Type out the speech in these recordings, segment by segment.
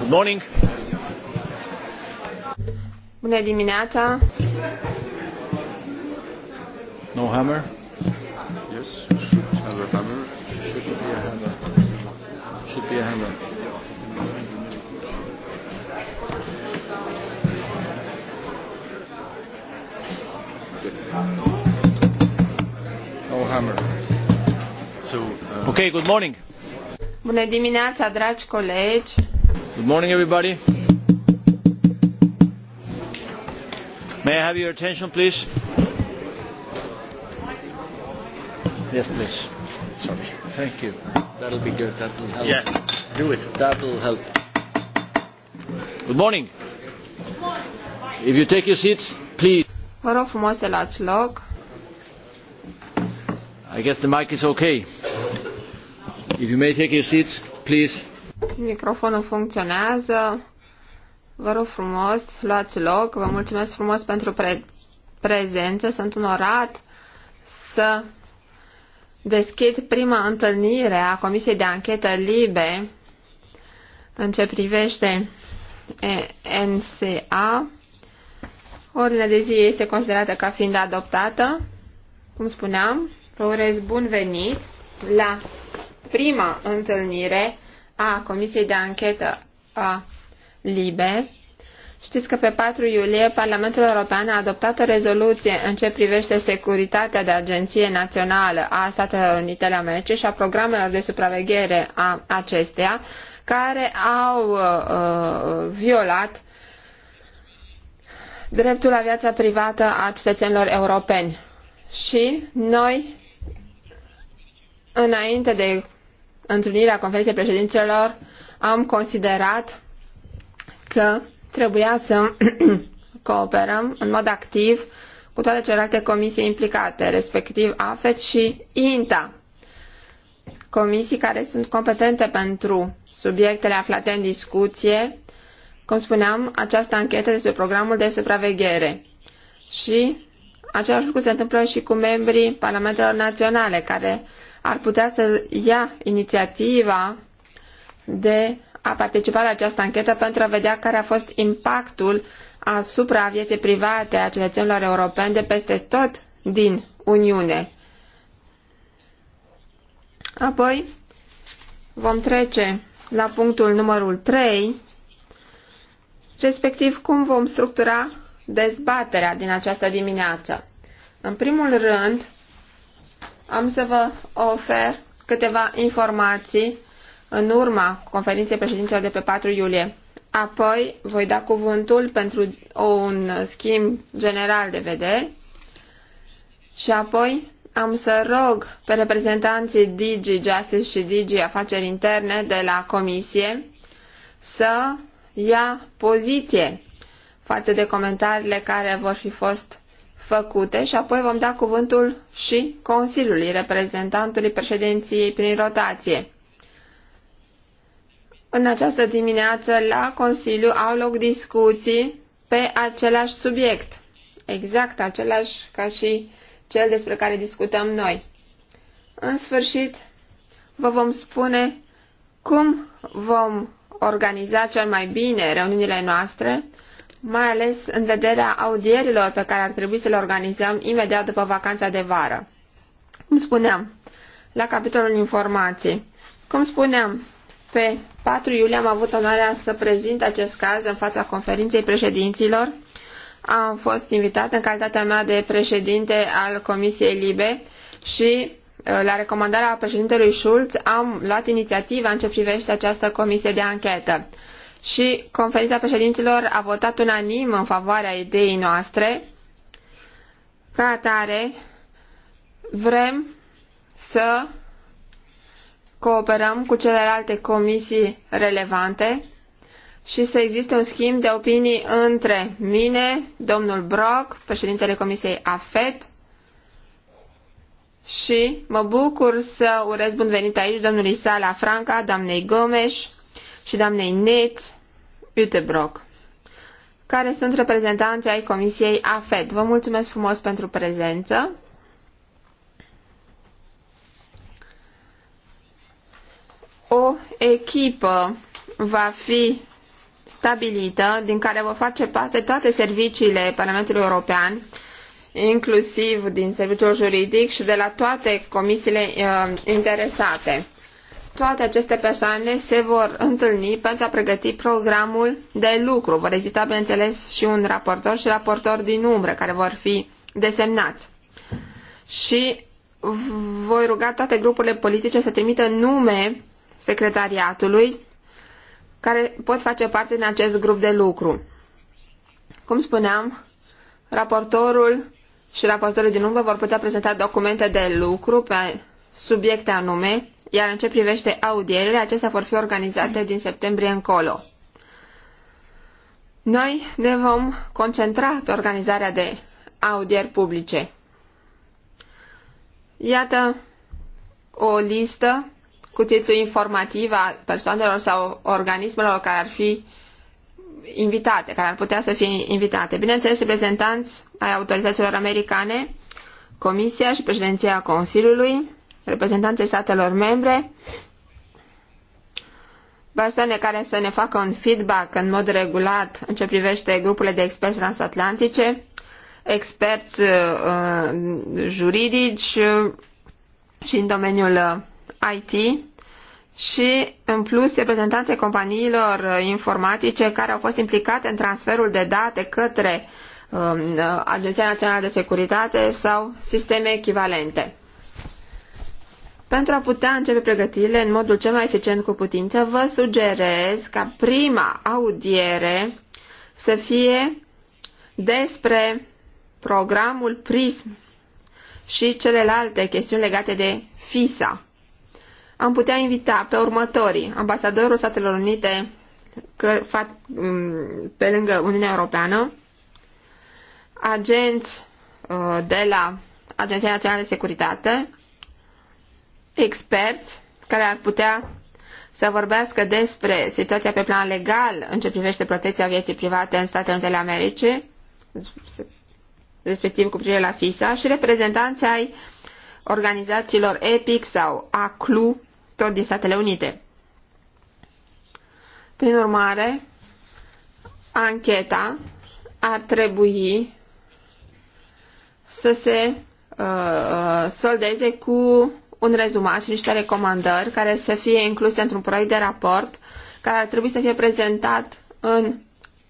Good morning. Bună dimineața. No hammer? Yes, should have a hammer. Should be a hammer. Should be a hammer. Yeah. Uh, okay, good morning. Bună dimineața, dragi colegi. Good morning, everybody. May I have your attention, please? Yes, please. Sorry. Thank you. That'll be good. That'll help. Yeah, do it. That'll help. Good morning. If you take your seats, please. Vă rog frumos să luați loc. Microfonul funcționează. Vă rog frumos, luați loc. Vă mulțumesc frumos pentru pre- prezență. Sunt onorat să deschid prima întâlnire a Comisiei de Anchetă Libe în ce privește NSA. Ordinea de zi este considerată ca fiind adoptată, cum spuneam. Vă urez bun venit la prima întâlnire a Comisiei de Anchetă a LIBE. Știți că pe 4 iulie Parlamentul European a adoptat o rezoluție în ce privește securitatea de agenție națională a Statelor Unite ale Americii și a programelor de supraveghere a acesteia, care au uh, uh violat dreptul la viața privată a cetățenilor europeni. Și noi Înainte de întâlnirea conferinței președinților, am considerat că trebuia să cooperăm în mod activ cu toate celelalte comisii implicate, respectiv AFET și INTA, comisii care sunt competente pentru subiectele aflate în discuție, cum spuneam, această anchetă despre programul de supraveghere. Și același lucru se întâmplă și cu membrii Parlamentelor Naționale, care ar putea să ia inițiativa de a participa la această anchetă pentru a vedea care a fost impactul asupra vieții private a cetățenilor europeni de peste tot din Uniune. Apoi vom trece la punctul numărul 3, respectiv cum vom structura dezbaterea din această dimineață. În primul rând, am să vă ofer câteva informații în urma conferinței președinților de pe 4 iulie. Apoi voi da cuvântul pentru un schimb general de vedere și apoi am să rog pe reprezentanții DG Justice și DG Afaceri Interne de la Comisie să ia poziție față de comentariile care vor fi fost făcute și apoi vom da cuvântul și Consiliului, reprezentantului președinției prin rotație. În această dimineață, la Consiliu, au loc discuții pe același subiect, exact același ca și cel despre care discutăm noi. În sfârșit, vă vom spune cum vom organiza cel mai bine reuniunile noastre, mai ales în vederea audierilor pe care ar trebui să le organizăm imediat după vacanța de vară. Cum spuneam, la capitolul informații. Cum spuneam, pe 4 iulie am avut onoarea să prezint acest caz în fața conferinței președinților. Am fost invitat în calitatea mea de președinte al Comisiei Libe și uh, la recomandarea președintelui Schulz am luat inițiativa în ce privește această comisie de anchetă și conferința președinților a votat unanim în favoarea ideii noastre. Ca atare, vrem să cooperăm cu celelalte comisii relevante și să existe un schimb de opinii între mine, domnul Brock, președintele Comisiei AFET, și mă bucur să urez bun venit aici domnului Sala Franca, doamnei Gomes și doamnei Neți, Utebrock, care sunt reprezentanții ai Comisiei AFED. Vă mulțumesc frumos pentru prezență. O echipă va fi stabilită din care vor face parte toate serviciile Parlamentului European, inclusiv din serviciul juridic și de la toate comisiile uh, interesate toate aceste persoane se vor întâlni pentru a pregăti programul de lucru. Vor exista, bineînțeles, și un raportor și raportor din umbră care vor fi desemnați. Și voi ruga toate grupurile politice să trimită nume secretariatului care pot face parte din acest grup de lucru. Cum spuneam, raportorul și raportorii din umbră vor putea prezenta documente de lucru pe subiecte anume iar în ce privește audierile, acestea vor fi organizate din septembrie încolo. Noi ne vom concentra pe organizarea de audieri publice. Iată o listă cu titlu informativ a persoanelor sau organismelor care ar fi invitate, care ar putea să fie invitate. Bineînțeles, reprezentanți ai autorităților americane, Comisia și președinția Consiliului, reprezentanței statelor membre, persoane care să ne facă un feedback în mod regulat în ce privește grupurile de experți transatlantice, experți uh, juridici uh, și în domeniul uh, IT și, în plus, reprezentanțe companiilor uh, informatice care au fost implicate în transferul de date către um, Agenția Națională de Securitate sau sisteme echivalente. Pentru a putea începe pregătirile în modul cel mai eficient cu putință, vă sugerez ca prima audiere să fie despre programul PRISM și celelalte chestiuni legate de FISA. Am putea invita pe următorii ambasadorul Statelor Unite că fac, mm, pe lângă Uniunea Europeană, agenți uh, de la Agenția Națională de Securitate, experți care ar putea să vorbească despre situația pe plan legal în ce privește protecția vieții private în Statele Unite ale Americii, respectiv cu privire la FISA, și reprezentanții ai organizațiilor EPIC sau ACLU, tot din Statele Unite. Prin urmare, ancheta ar trebui să se uh, uh soldeze cu un rezumat și niște recomandări care să fie incluse într-un proiect de raport care ar trebui să fie prezentat în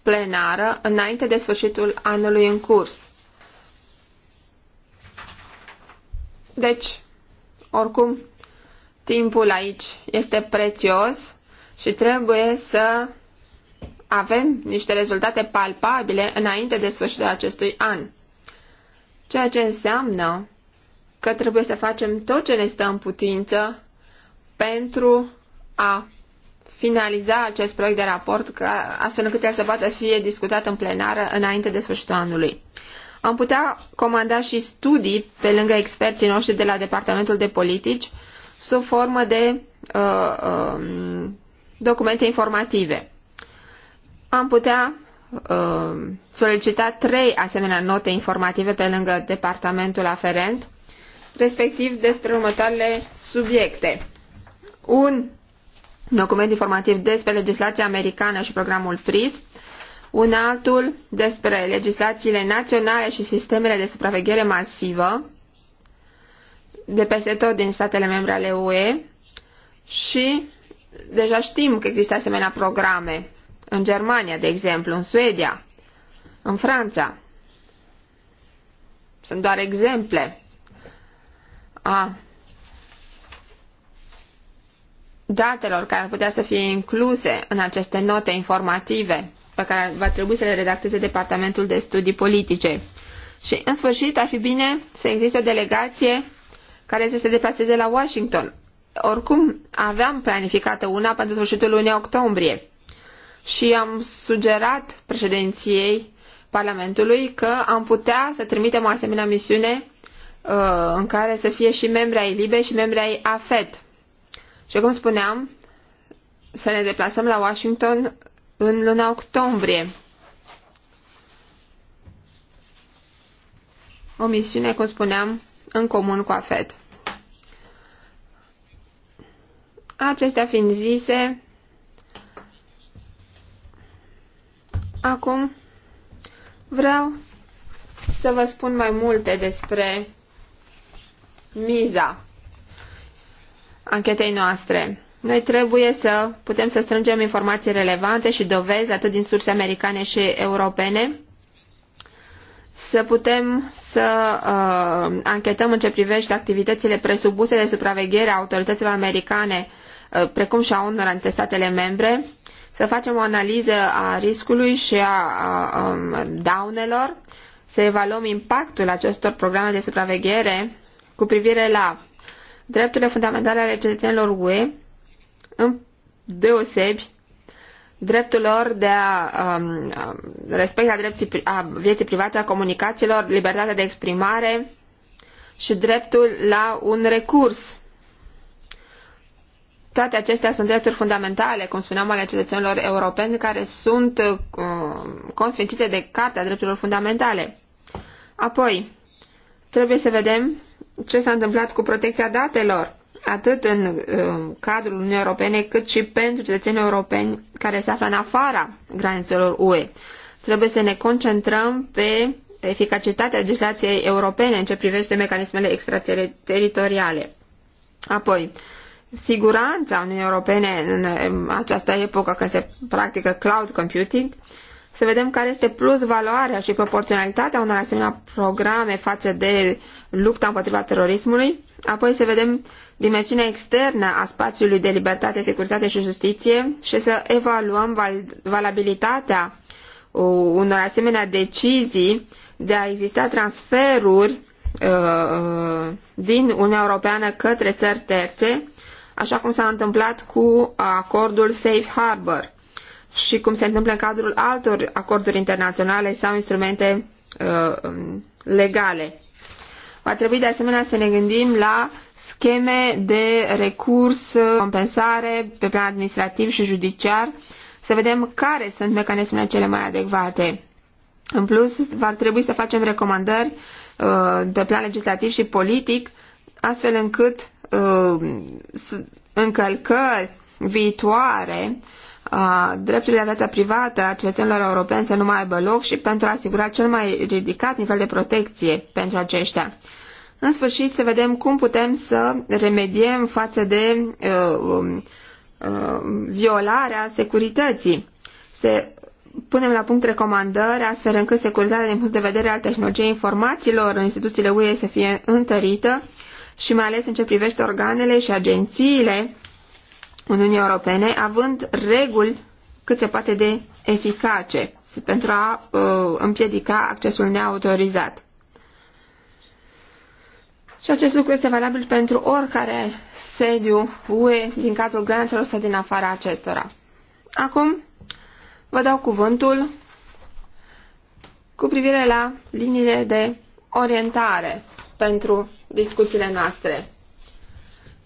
plenară înainte de sfârșitul anului în curs. Deci, oricum, timpul aici este prețios și trebuie să avem niște rezultate palpabile înainte de sfârșitul acestui an. Ceea ce înseamnă că trebuie să facem tot ce ne stă în putință pentru a finaliza acest proiect de raport astfel încât el să poată fi discutat în plenară înainte de sfârșitul anului. Am putea comanda și studii pe lângă experții noștri de la Departamentul de Politici sub formă de uh, uh, documente informative. Am putea uh, solicita trei asemenea note informative pe lângă departamentul aferent respectiv despre următoarele subiecte. Un document informativ despre legislația americană și programul FRIS, un altul despre legislațiile naționale și sistemele de supraveghere masivă de peste tot din statele membre ale UE și deja știm că există asemenea programe în Germania, de exemplu, în Suedia, în Franța. Sunt doar exemple a datelor care ar putea să fie incluse în aceste note informative pe care va trebui să le redacteze Departamentul de Studii Politice. Și, în sfârșit, ar fi bine să existe o delegație care să se deplaseze la Washington. Oricum, aveam planificată una pentru sfârșitul lunii octombrie și am sugerat președinției Parlamentului că am putea să trimitem o asemenea misiune Uh, în care să fie și membri ai LIBE și membri ai AFET. Și cum spuneam, să ne deplasăm la Washington în luna octombrie. O misiune, cum spuneam, în comun cu AFET. Acestea fiind zise, acum vreau să vă spun mai multe despre miza anchetei noastre. Noi trebuie să putem să strângem informații relevante și dovezi atât din surse americane și europene, să putem să uh, anchetăm în ce privește activitățile presupuse de supraveghere a autorităților americane, uh, precum și a unor dintre statele membre, să facem o analiză a riscului și a, a a um, daunelor, să evaluăm impactul acestor programe de supraveghere cu privire la drepturile fundamentale ale cetățenilor UE, în deosebi dreptul lor de a um, um respecta dreptul a vieții private, a comunicațiilor, libertatea de exprimare și dreptul la un recurs. Toate acestea sunt drepturi fundamentale, cum spuneam, ale cetățenilor europeni, care sunt uh, consfințite de Cartea Drepturilor Fundamentale. Apoi, trebuie să vedem ce s-a întâmplat cu protecția datelor, atât în um, cadrul Uniunii Europene, cât și pentru cetățenii europeni care se află în afara granițelor UE. Trebuie să ne concentrăm pe eficacitatea legislației europene în ce privește mecanismele extrateritoriale. Apoi, siguranța Uniunii Europene în această epocă când se practică cloud computing să vedem care este plus valoarea și proporționalitatea unor asemenea programe față de lupta împotriva terorismului, apoi să vedem dimensiunea externă a spațiului de libertate, securitate și justiție și să evaluăm val valabilitatea unor asemenea decizii de a exista transferuri uh, uh, din Uniunea Europeană către țări terțe, așa cum s-a întâmplat cu acordul Safe Harbor și cum se întâmplă în cadrul altor acorduri internaționale sau instrumente uh, um, legale. Va trebui de asemenea să ne gândim la scheme de recurs, uh, compensare pe plan administrativ și judiciar, să vedem care sunt mecanismele cele mai adecvate. În plus, va trebui să facem recomandări uh, pe plan legislativ și politic, astfel încât uh, încălcări viitoare drepturile de viața privată a cetățenilor europeni să nu mai aibă loc și pentru a asigura cel mai ridicat nivel de protecție pentru aceștia. În sfârșit, să vedem cum putem să remediem față de uh, um, uh, violarea securității. Se punem la punct recomandări astfel încât securitatea din punct de vedere al tehnologiei informațiilor în instituțiile UE să fie întărită și mai ales în ce privește organele și agențiile Uniunii Europene, având reguli cât se poate de eficace pentru a uh, împiedica accesul neautorizat. Și acest lucru este valabil pentru oricare sediu UE din cadrul granțelor sau din afara acestora. Acum vă dau cuvântul cu privire la liniile de orientare pentru discuțiile noastre.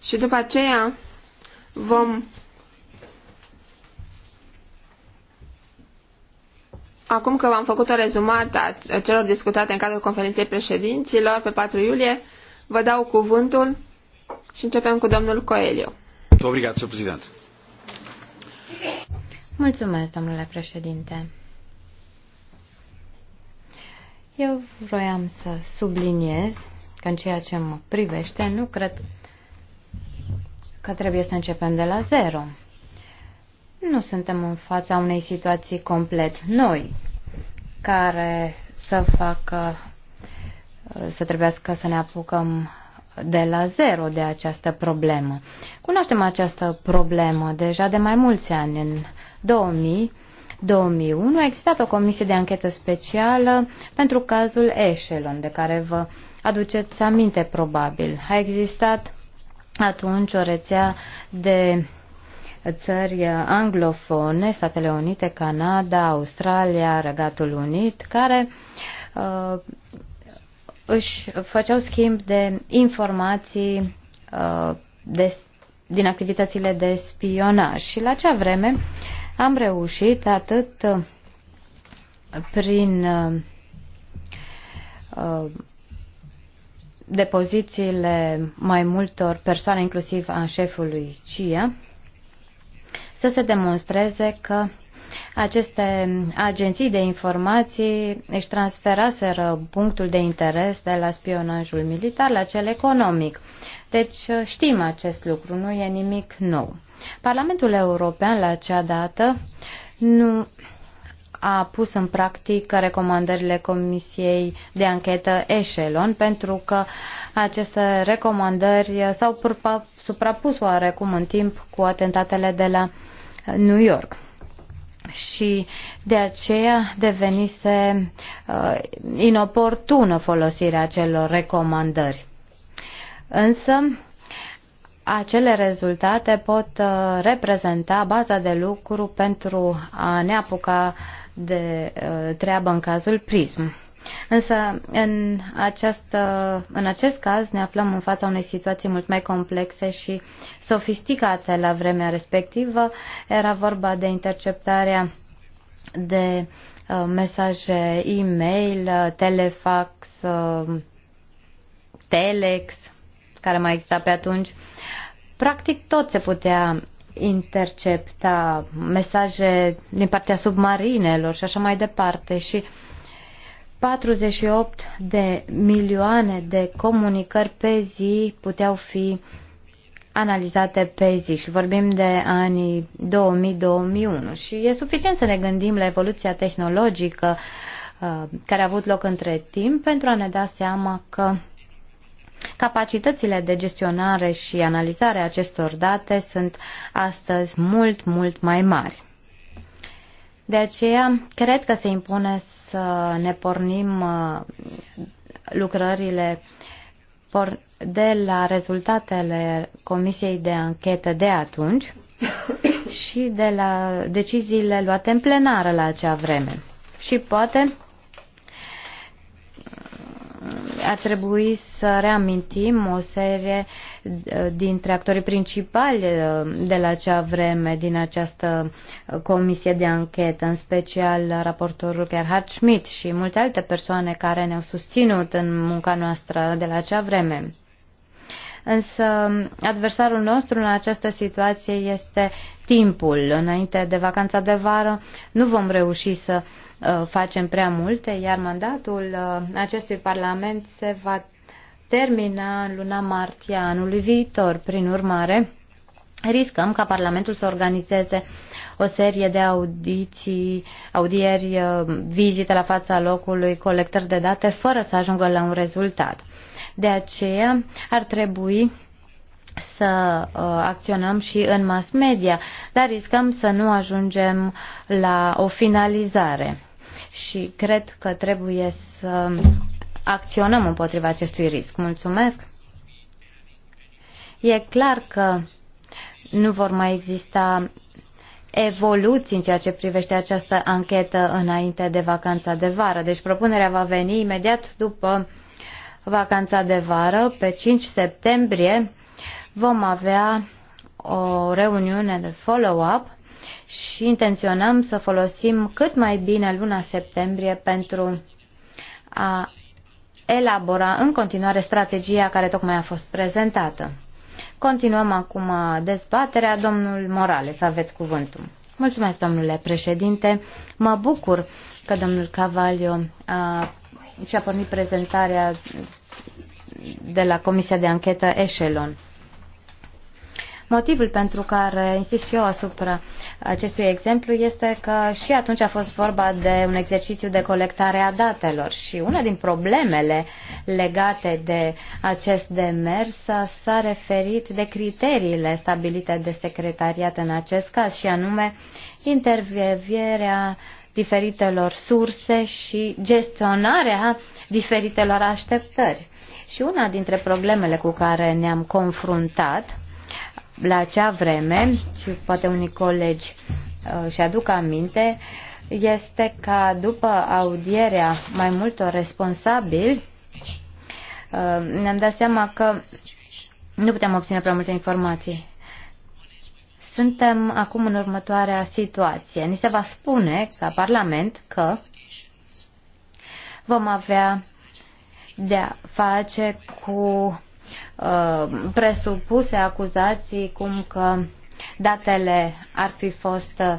Și după aceea Vom Acum că v-am făcut o rezumat a celor discutate în cadrul conferinței președinților pe 4 iulie, vă dau cuvântul și începem cu domnul Coelio. Obrigat, președinte. Mulțumesc, domnule președinte. Eu vroiam să subliniez că în ceea ce mă privește nu cred că trebuie să începem de la zero. Nu suntem în fața unei situații complet noi, care să facă să trebuiască să ne apucăm de la zero de această problemă. Cunoaștem această problemă deja de mai mulți ani. În 2000, 2001 a existat o comisie de anchetă specială pentru cazul Echelon, de care vă aduceți aminte probabil. A existat atunci o rețea de țări anglofone, Statele Unite, Canada, Australia, Regatul Unit, care uh, își făceau schimb de informații uh, de, din activitățile de spionaj. Și la acea vreme am reușit atât prin uh, uh de pozițiile mai multor persoane, inclusiv a șefului CIA, să se demonstreze că aceste agenții de informații își transferaseră punctul de interes de la spionajul militar la cel economic. Deci știm acest lucru, nu e nimic nou. Parlamentul European la acea dată nu a pus în practică recomandările Comisiei de Anchetă Echelon, pentru că aceste recomandări s-au suprapus oarecum în timp cu atentatele de la New York și de aceea devenise uh, inoportună folosirea acelor recomandări. Însă, acele rezultate pot uh, reprezenta baza de lucru pentru a ne apuca de uh, treabă în cazul PRISM. Însă, în, această, în acest caz, ne aflăm în fața unei situații mult mai complexe și sofisticate la vremea respectivă. Era vorba de interceptarea de uh, mesaje e-mail, telefax, uh, telex, care mai exista pe atunci. Practic tot se putea intercepta mesaje din partea submarinelor și așa mai departe și 48 de milioane de comunicări pe zi puteau fi analizate pe zi și vorbim de anii 2000-2001 și e suficient să ne gândim la evoluția tehnologică uh, care a avut loc între timp pentru a ne da seama că Capacitățile de gestionare și analizare a acestor date sunt astăzi mult, mult mai mari. De aceea, cred că se impune să ne pornim uh, lucrările de la rezultatele Comisiei de Anchetă de atunci și de la deciziile luate în plenară la acea vreme. Și poate ar trebui să reamintim o serie eh, dintre actorii principali eh, de la acea vreme din această eh, comisie de anchetă, în special raportorul Gerhard Schmidt și multe alte persoane care ne-au susținut în munca noastră de la acea vreme însă adversarul nostru în această situație este timpul. Înainte de vacanța de vară nu vom reuși să uh, facem prea multe, iar mandatul uh, acestui Parlament se va termina în luna martie anului viitor. Prin urmare, riscăm ca Parlamentul să organizeze o serie de audiții, audieri, uh, vizite la fața locului, colectări de date, fără să ajungă la un rezultat. De aceea ar trebui să uh, acționăm și în mass media, dar riscăm să nu ajungem la o finalizare. Și cred că trebuie să acționăm împotriva acestui risc. Mulțumesc! E clar că nu vor mai exista evoluții în ceea ce privește această anchetă înainte de vacanța de vară. Deci propunerea va veni imediat după vacanța de vară, pe 5 septembrie vom avea o reuniune de follow-up și intenționăm să folosim cât mai bine luna septembrie pentru a elabora în continuare strategia care tocmai a fost prezentată. Continuăm acum dezbaterea. Domnul Morales, aveți cuvântul. Mulțumesc, domnule președinte. Mă bucur că domnul Cavalio a și a pornit prezentarea de la Comisia de Anchetă Echelon. Motivul pentru care insist și eu asupra acestui exemplu este că și atunci a fost vorba de un exercițiu de colectare a datelor și una din problemele legate de acest demers s-a referit de criteriile stabilite de secretariat în acest caz și anume intervierea diferitelor surse și gestionarea diferitelor așteptări. Și una dintre problemele cu care ne-am confruntat la acea vreme, și poate unii colegi uh, și-aduc aminte, este că după audierea mai multor responsabili, uh, ne-am dat seama că nu puteam obține prea multe informații. Suntem acum în următoarea situație. Ni se va spune ca Parlament că vom avea de a face cu uh, presupuse acuzații cum că datele ar fi fost uh,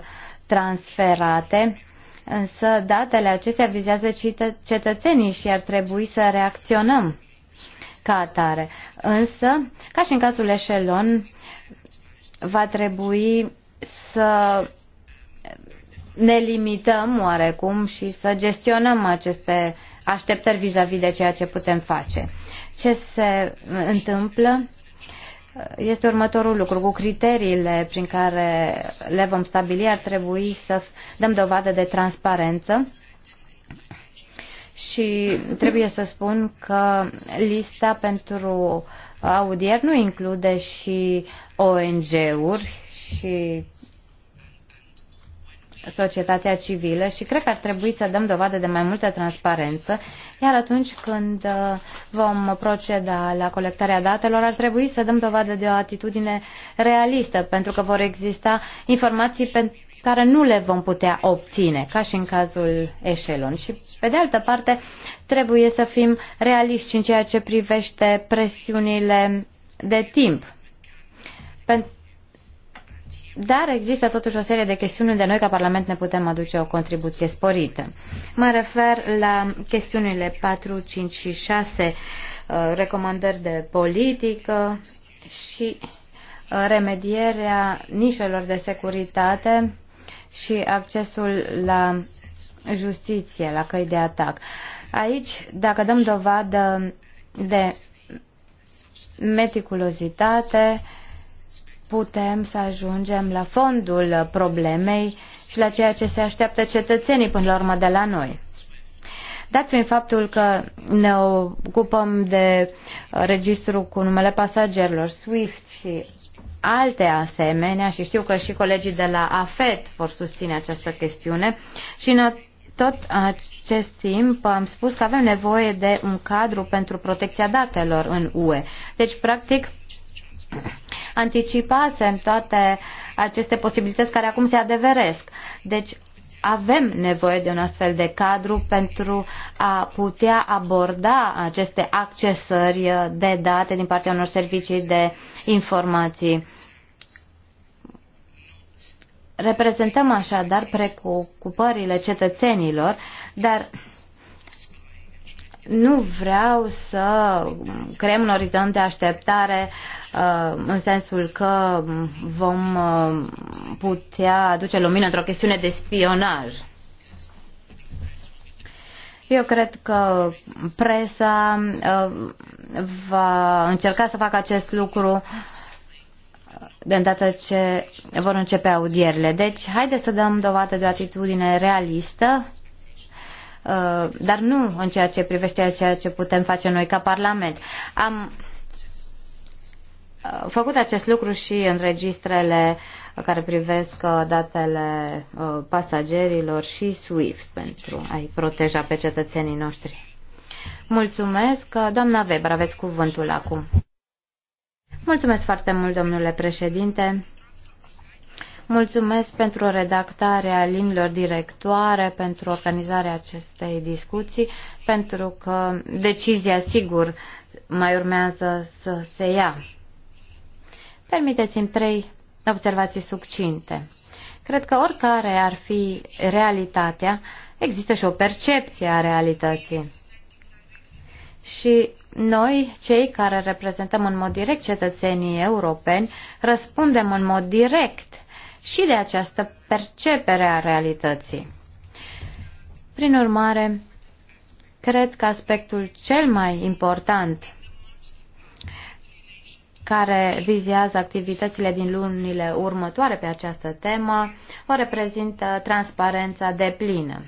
transferate, însă datele acestea vizează cetă cetățenii și ar trebui să reacționăm ca atare. Însă, ca și în cazul eșelon, va trebui să ne limităm oarecum și să gestionăm aceste așteptări vis-a-vis -vis de ceea ce putem face. Ce se întâmplă este următorul lucru. Cu criteriile prin care le vom stabili ar trebui să dăm dovadă de transparență și trebuie să spun că lista pentru audier nu include și ONG-uri și societatea civilă și cred că ar trebui să dăm dovadă de mai multă transparență, iar atunci când uh, vom proceda la colectarea datelor, ar trebui să dăm dovadă de o atitudine realistă, pentru că vor exista informații pe care nu le vom putea obține, ca și în cazul eșelon. Și, pe de altă parte, trebuie să fim realiști în ceea ce privește presiunile de timp dar există totuși o serie de chestiuni unde noi ca Parlament ne putem aduce o contribuție sporită. Mă refer la chestiunile 4, 5 și 6, uh, recomandări de politică și uh, remedierea nișelor de securitate și accesul la justiție, la căi de atac. Aici, dacă dăm dovadă de meticulozitate, putem să ajungem la fondul problemei și la ceea ce se așteaptă cetățenii până la urmă de la noi. Dat prin faptul că ne ocupăm de registrul cu numele pasagerilor SWIFT și alte asemenea, și știu că și colegii de la AFET vor susține această chestiune, și în tot acest timp am spus că avem nevoie de un cadru pentru protecția datelor în UE. Deci, practic, anticipasem toate aceste posibilități care acum se adeveresc. Deci avem nevoie de un astfel de cadru pentru a putea aborda aceste accesări de date din partea unor servicii de informații. Reprezentăm așadar preocupările cetățenilor, dar nu vreau să creăm un orizont de așteptare uh, în sensul că vom uh, putea aduce lumină într-o chestiune de spionaj. Eu cred că presa uh, va încerca să facă acest lucru de îndată ce vor începe audierile. Deci, haideți să dăm dovadă de o atitudine realistă Uh, dar nu în ceea ce privește ceea ce putem face noi ca Parlament. Am uh, făcut acest lucru și în registrele care privesc uh, datele pasagerilor și SWIFT pentru a-i proteja pe cetățenii noștri. Mulțumesc. Doamna Weber, aveți cuvântul acum. Mulțumesc foarte mult, domnule președinte. Mulțumesc pentru redactarea limbilor directoare, pentru organizarea acestei discuții, pentru că decizia, sigur, mai urmează să se ia. Permiteți-mi trei observații subcinte. Cred că oricare ar fi realitatea, există și o percepție a realității. Și noi, cei care reprezentăm în mod direct cetățenii europeni, răspundem în mod direct și de această percepere a realității. Prin urmare, cred că aspectul cel mai important care vizează activitățile din lunile următoare pe această temă, o reprezintă transparența de plină.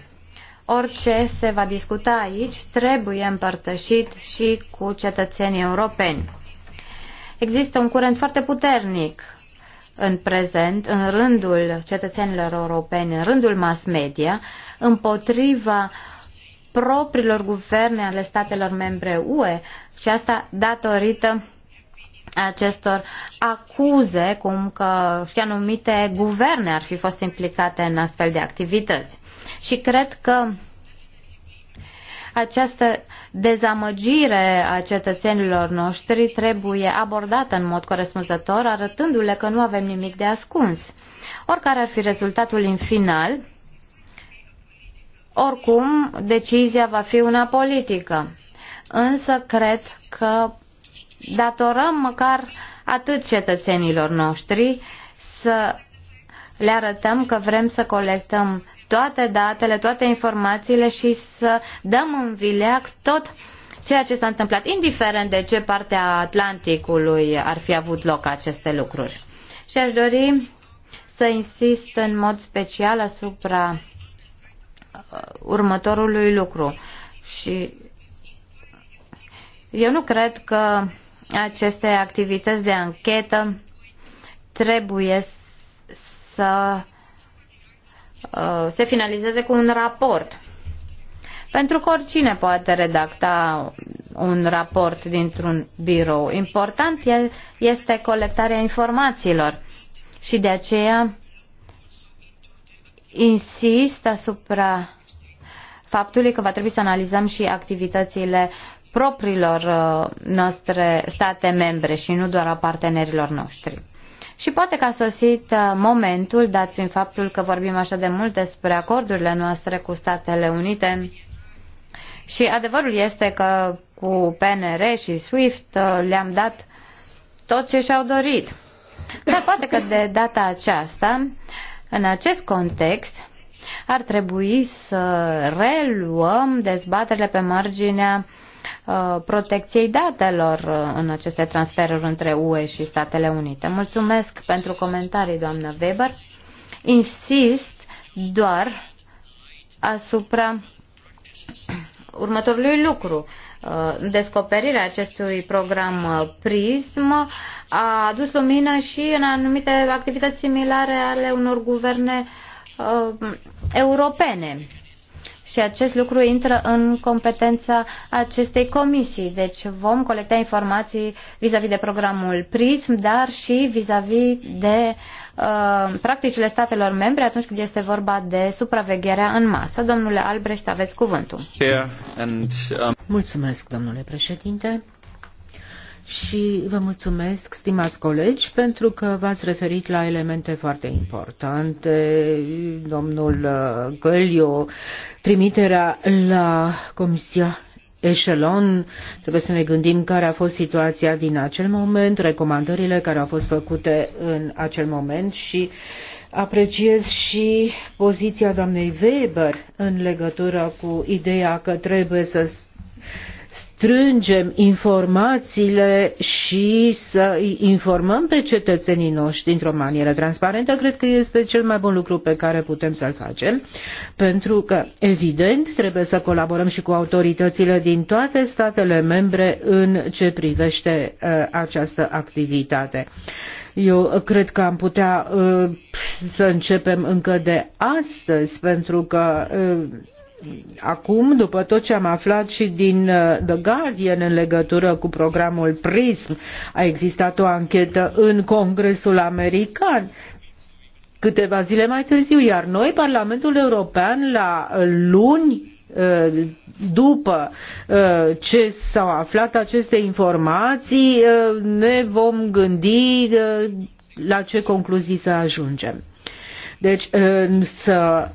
Orice se va discuta aici trebuie împărtășit și cu cetățenii europeni. Există un curent foarte puternic în prezent în rândul cetățenilor europeni, în rândul mass media, împotriva propriilor guverne ale statelor membre UE și asta datorită acestor acuze cum că și anumite guverne ar fi fost implicate în astfel de activități. Și cred că această dezamăgire a cetățenilor noștri trebuie abordată în mod corespunzător, arătându-le că nu avem nimic de ascuns. Oricare ar fi rezultatul în final, oricum, decizia va fi una politică. Însă cred că datorăm măcar atât cetățenilor noștri să le arătăm că vrem să colectăm toate datele, toate informațiile și să dăm în vileac tot ceea ce s-a întâmplat, indiferent de ce parte a Atlanticului ar fi avut loc aceste lucruri. Și aș dori să insist în mod special asupra uh, următorului lucru. Și eu nu cred că aceste activități de anchetă trebuie să Uh, se finalizeze cu un raport. Pentru că oricine poate redacta un raport dintr-un birou. Important este colectarea informațiilor și de aceea insist asupra faptului că va trebui să analizăm și activitățile propriilor uh, noastre state membre și nu doar a partenerilor noștri. Și poate că a sosit uh, momentul, dat prin faptul că vorbim așa de mult despre acordurile noastre cu Statele Unite. Și adevărul este că cu PNR și SWIFT uh, le-am dat tot ce și-au dorit. Dar poate că de data aceasta, în acest context, ar trebui să reluăm dezbaterile pe marginea uh, Uh, protecției datelor uh, în aceste transferuri între UE și Statele Unite. Mulțumesc pentru comentarii, doamnă Weber. Insist doar asupra următorului lucru. Uh, descoperirea acestui program PRISM a adus lumină și în anumite activități similare ale unor guverne europene și acest lucru intră în competența acestei comisii. Deci vom colecta informații vis-a-vis -vis de programul PRISM, dar și vis-a-vis -vis de uh, practicile statelor membre atunci când este vorba de supravegherea în masă. Domnule Albrecht, aveți cuvântul. Um, Mulțumesc, domnule președinte și vă mulțumesc, stimați colegi, pentru că v-ați referit la elemente foarte importante. Domnul uh, Gălio, trimiterea la Comisia Echelon, trebuie să ne gândim care a fost situația din acel moment, recomandările care au fost făcute în acel moment și apreciez și poziția doamnei Weber în legătură cu ideea că trebuie să strângem informațiile și să informăm pe cetățenii noștri într-o manieră transparentă, cred că este cel mai bun lucru pe care putem să-l facem, pentru că, evident, trebuie să colaborăm și cu autoritățile din toate statele membre în ce privește uh, această activitate. Eu cred că am putea uh, să începem încă de astăzi, pentru că uh, acum, după tot ce am aflat și din uh, The Guardian în legătură cu programul PRISM, a existat o anchetă în Congresul American câteva zile mai târziu, iar noi, Parlamentul European, la uh, luni uh, după ce s-au aflat aceste informații, ne vom gândi la ce concluzii să ajungem. Deci să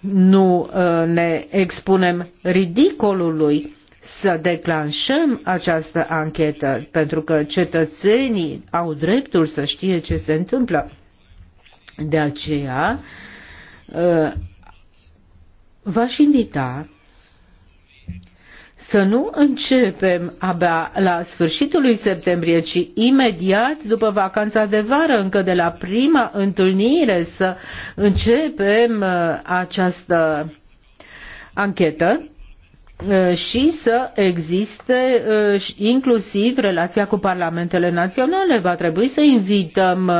nu ne expunem ridicolului să declanșăm această anchetă, pentru că cetățenii au dreptul să știe ce se întâmplă. De aceea uh, v-aș invita să nu începem abia la sfârșitul lui septembrie, ci imediat după vacanța de vară, încă de la prima întâlnire, să începem uh, această anchetă uh, și să existe uh, inclusiv relația cu parlamentele naționale. Va trebui să invităm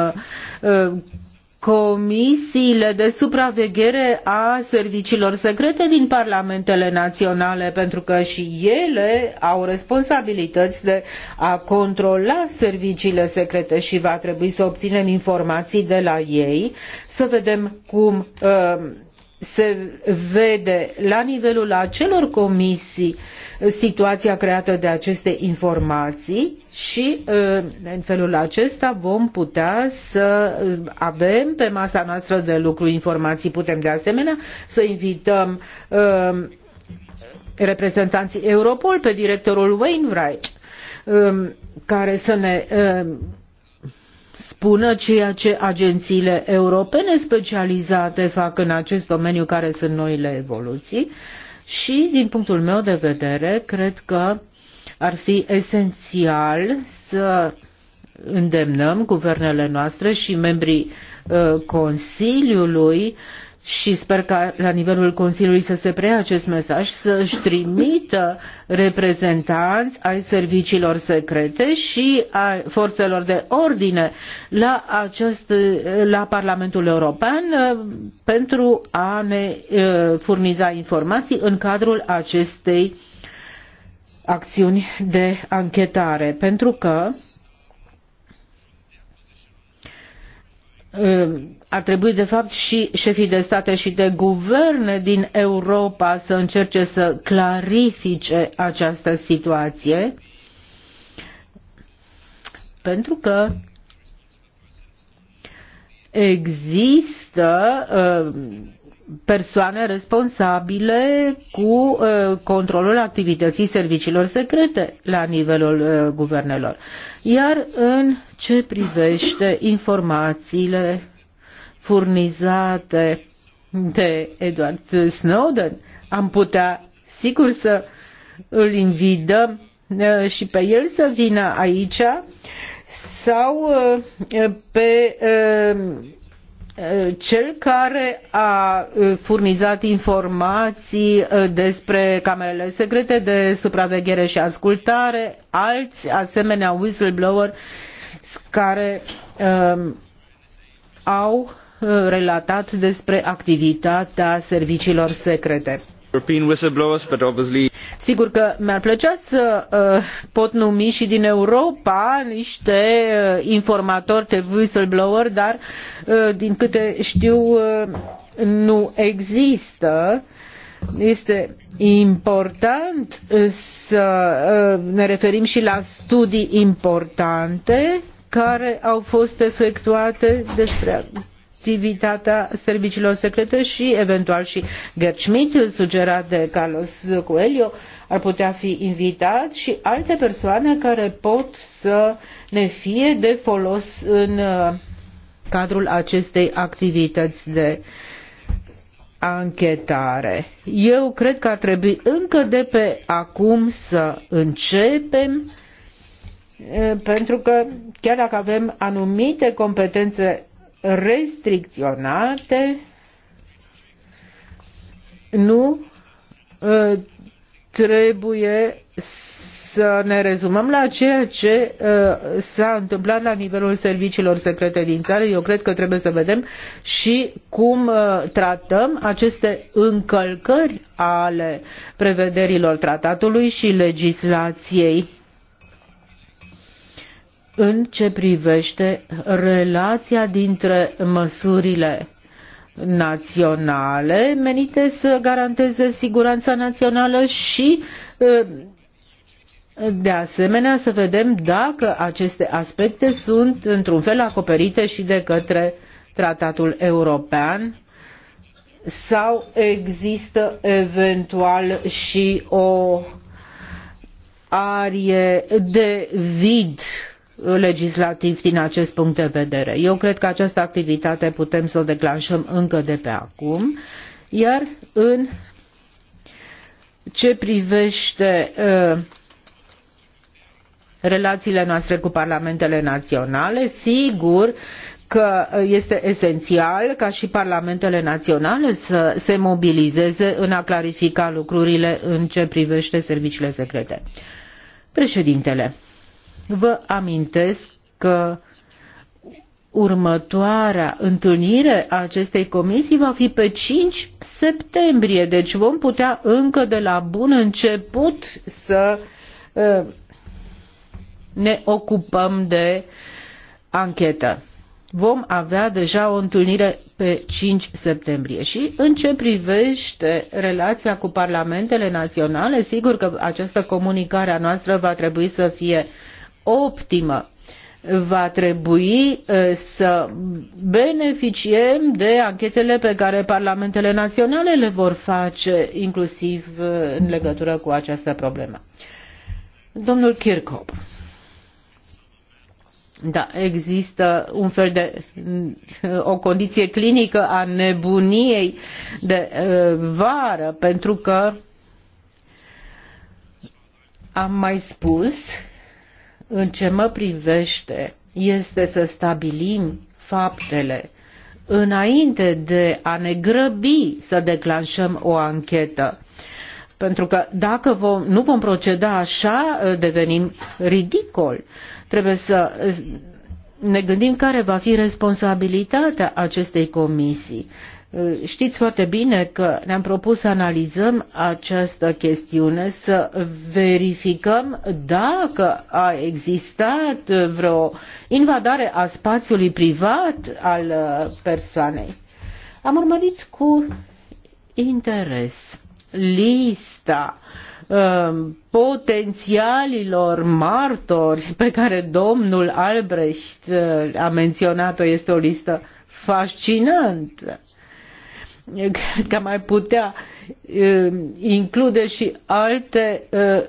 comisiile de supraveghere a serviciilor secrete din parlamentele naționale, pentru că și ele au responsabilități de a controla serviciile secrete și va trebui să obținem informații de la ei, să vedem cum uh, se vede la nivelul acelor comisii situația creată de aceste informații și ă, în felul acesta vom putea să ă, avem pe masa noastră de lucru informații. Putem de asemenea să invităm ă, reprezentanții Europol pe directorul Wainwright care să ne spună ceea ce agențiile europene specializate fac în acest domeniu, care sunt noile evoluții. Și, din punctul meu de vedere, cred că ar fi esențial să îndemnăm guvernele noastre și membrii uh, Consiliului și sper că la nivelul Consiliului să se preia acest mesaj, să-și trimită reprezentanți ai serviciilor secrete și ai forțelor de ordine la, acest, la Parlamentul European uh, pentru a ne uh, furniza informații în cadrul acestei acțiuni de anchetare, pentru că uh, ar trebui de fapt și șefii de state și de guverne din Europa să încerce să clarifice această situație, pentru că există uh, persoane responsabile cu uh, controlul activității serviciilor secrete la nivelul uh, guvernelor. Iar în ce privește informațiile furnizate de Edward Snowden, am putea sigur să îl invităm uh, și pe el să vină aici sau pe cel care a furnizat informații despre camerele secrete de supraveghere și ascultare, alți asemenea whistleblower care au relatat despre activitatea serviciilor secrete. Sigur că mi-ar plăcea să uh, pot numi și din Europa niște uh, informatori de whistleblower, dar uh, din câte știu nu există. Este important să ne referim și la studii importante care au fost efectuate despre activitatea serviciilor secrete și eventual și Gerchmitul sugerat de Carlos Coelho ar putea fi invitat și alte persoane care pot să ne fie de folos în uh, cadrul acestei activități de anchetare. Eu cred că ar trebui încă de pe acum să începem uh, pentru că chiar dacă avem anumite competențe restricționate nu ă, trebuie să ne rezumăm la ceea ce ă, s-a întâmplat la nivelul serviciilor secrete din țară. Eu cred că trebuie să vedem și cum ă, tratăm aceste încălcări ale prevederilor tratatului și legislației în ce privește relația dintre măsurile naționale menite să garanteze siguranța națională și eh, de asemenea să vedem dacă aceste aspecte sunt într-un fel acoperite și de către tratatul european sau există eventual și o arie de vid legislativ din acest punct de vedere. Eu cred că această activitate putem să o declanșăm încă de pe acum, iar în ce privește uh, relațiile noastre cu parlamentele naționale, sigur că este esențial ca și parlamentele naționale să se mobilizeze în a clarifica lucrurile în ce privește serviciile secrete. Președintele, Vă amintesc că următoarea întâlnire a acestei comisii va fi pe 5 septembrie, deci vom putea încă de la bun început să ă, ne ocupăm de anchetă. Vom avea deja o întâlnire pe 5 septembrie și în ce privește relația cu parlamentele naționale, sigur că această comunicare a noastră va trebui să fie uh, optimă va trebui să beneficiem de anchetele pe care parlamentele naționale le vor face, inclusiv în legătură cu această problemă. Domnul Kirchhoff. Da, există un fel de o condiție clinică a nebuniei de vară, pentru că am mai spus în ce mă privește, este să stabilim faptele înainte de a ne grăbi să declanșăm o anchetă. Pentru că dacă vom, nu vom proceda așa, devenim ridicol. Trebuie să ne gândim care va fi responsabilitatea acestei comisii. Știți foarte bine că ne-am propus să analizăm această chestiune, să verificăm dacă a existat vreo invadare a spațiului privat al uh, persoanei. Am urmărit cu interes lista um, potențialilor martori pe care domnul Albrecht uh, a menționat-o este o listă fascinantă cred că mai putea uh, include și alte uh,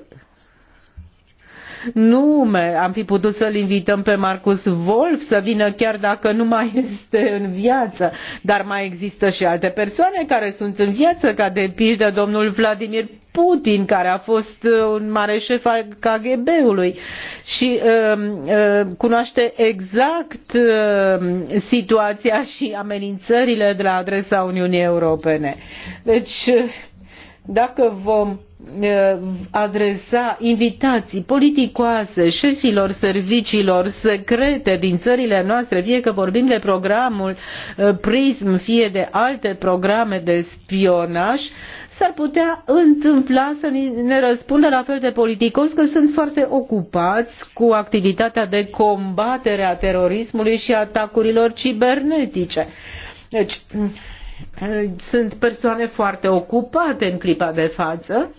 nume. Am fi putut să-l invităm pe Marcus Wolf să vină chiar dacă nu mai este în viață. Dar mai există și alte persoane care sunt în viață, ca de pildă domnul Vladimir Putin, care a fost uh, un mare șef al KGB-ului și uh, uh, cunoaște exact uh, situația și amenințările de la adresa Uniunii Europene. Deci, uh, dacă vom adresa invitații politicoase șefilor serviciilor secrete din țările noastre, fie că vorbim de programul PRISM, fie de alte programe de spionaj, s-ar putea întâmpla să ne răspundă la fel de politicos că sunt foarte ocupați cu activitatea de combatere a terorismului și atacurilor cibernetice. Deci, sunt persoane foarte ocupate în clipa de față,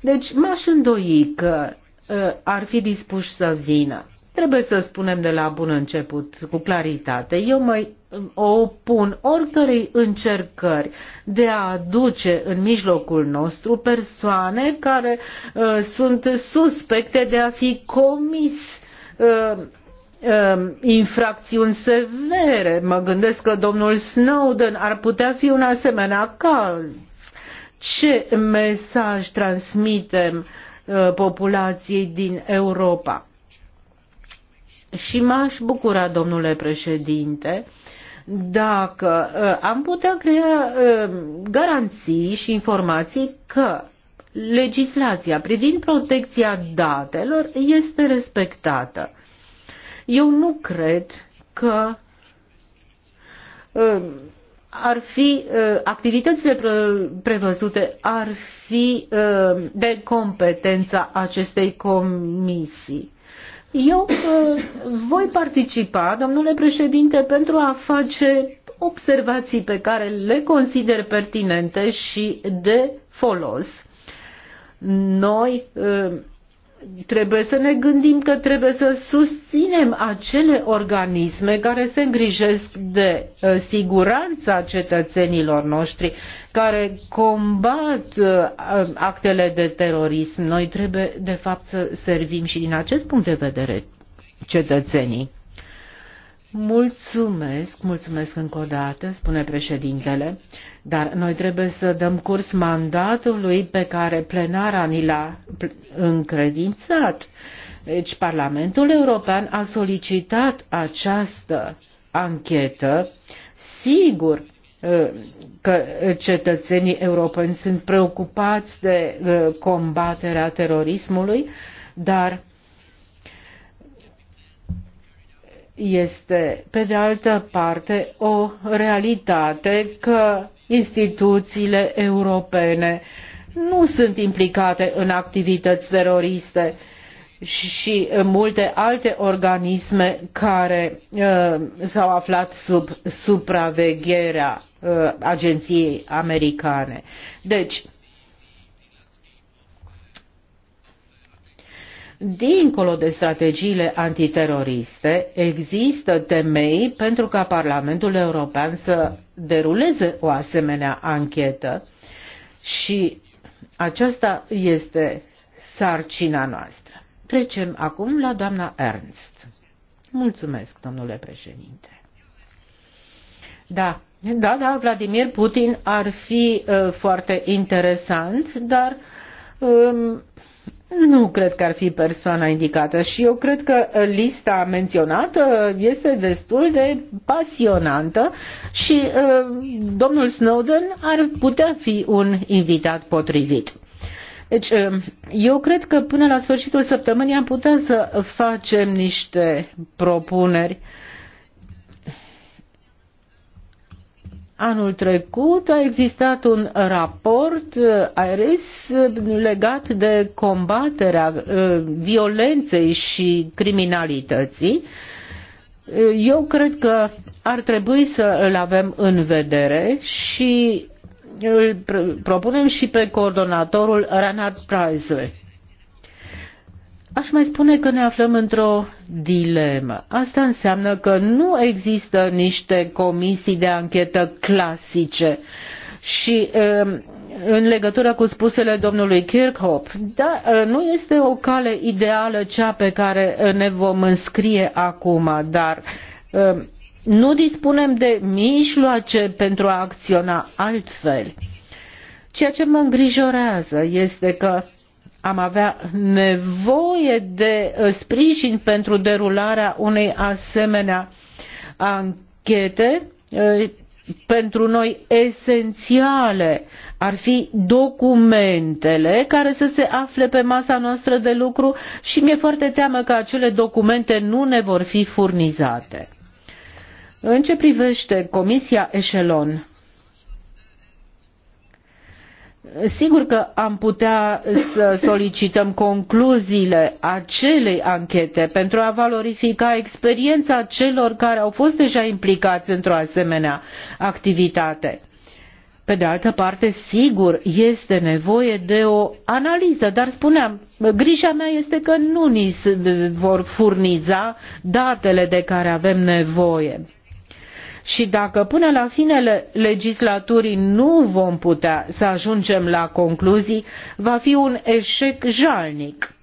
deci m-aș îndoi că uh, ar fi dispuși să vină. Trebuie să spunem de la bun început, cu claritate. Eu mă um, opun oricărei încercări de a aduce în mijlocul nostru persoane care uh, sunt suspecte de a fi comis uh, Um, infracțiuni severe. Mă gândesc că domnul Snowden ar putea fi un asemenea caz. Ce mesaj transmitem uh, populației din Europa? Și m-aș bucura, domnule președinte, dacă uh, am putea crea uh, garanții și informații că legislația privind protecția datelor este respectată. Eu nu cred că um, ar fi uh, activitățile prevăzute ar fi um, de competența acestei comisii. Eu uh, voi participa, domnule președinte, pentru a face observații pe care le consider pertinente și de folos. Noi um, trebuie să ne gândim că trebuie să susținem acele organisme care se îngrijesc de uh, siguranța cetățenilor noștri, care combat uh, uh, actele de terorism. Noi trebuie, de fapt, să servim și din acest punct de vedere cetățenii. Mulțumesc, mulțumesc încă o dată, spune președintele, dar noi trebuie să dăm curs mandatului pe care plenara ni l-a încredințat. Deci Parlamentul European a solicitat această anchetă. Sigur ă, că cetățenii europeni sunt preocupați de ă, combaterea terorismului, dar Este, pe de altă parte, o realitate că instituțiile europene nu sunt implicate în activități teroriste și multe alte organisme care uh, s-au aflat sub supravegherea uh, agenției americane. Deci, dincolo de strategiile antiteroriste, există temei pentru ca Parlamentul European să deruleze o asemenea anchetă și aceasta este sarcina noastră. Trecem acum la doamna Ernst. Mulțumesc, domnule președinte. Da, da, da, Vladimir Putin ar fi uh, foarte interesant, dar um, nu cred că ar fi persoana indicată și eu cred că lista menționată este destul de pasionantă și uh, domnul Snowden ar putea fi un invitat potrivit. Deci, uh, eu cred că până la sfârșitul săptămânii am putea să facem niște propuneri uh, Anul trecut a existat un raport uh, ARES uh, legat de combaterea uh, violenței și criminalității. Eu cred că ar trebui să îl avem în vedere și îl propunem și pe coordonatorul Renard Price. Aș mai spune că ne aflăm într-o dilemă. Asta înseamnă că nu există niște comisii de anchetă clasice. Și um, în legătură cu spusele domnului Kirchhoff, da, uh, nu este o cale ideală cea pe care uh, ne vom înscrie acum, dar um, nu dispunem de mijloace pentru a acționa altfel. Ceea ce mă îngrijorează este că am avea nevoie de uh, sprijin pentru derularea unei asemenea anchete uh, pentru noi esențiale ar fi documentele care să se afle pe masa noastră de lucru și mi-e foarte teamă că acele documente nu ne vor fi furnizate. În ce privește Comisia Echelon, Sigur că am putea să solicităm concluziile acelei anchete pentru a valorifica experiența celor care au fost deja implicați într-o asemenea activitate. Pe de altă parte, sigur, este nevoie de o analiză, dar spuneam, grija mea este că nu ni vor furniza datele de care avem nevoie și dacă până la finele legislaturii nu vom putea să ajungem la concluzii, va fi un eșec jalnic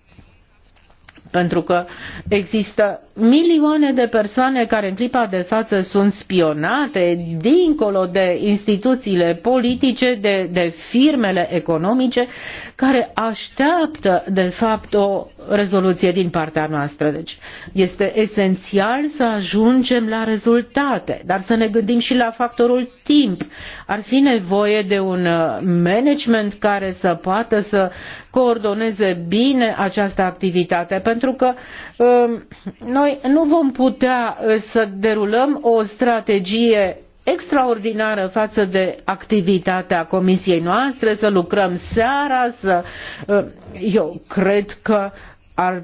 pentru că există milioane de persoane care în clipa de față sunt spionate dincolo de instituțiile politice, de, de firmele economice, care așteaptă de fapt o rezoluție din partea noastră. Deci este esențial să ajungem la rezultate, dar să ne gândim și la factorul timp. Ar fi nevoie de un uh, management care să poată să coordoneze bine această activitate, pentru că um, noi nu vom putea uh, să derulăm o strategie extraordinară față de activitatea comisiei noastre, să lucrăm seara, să... Uh, eu cred că ar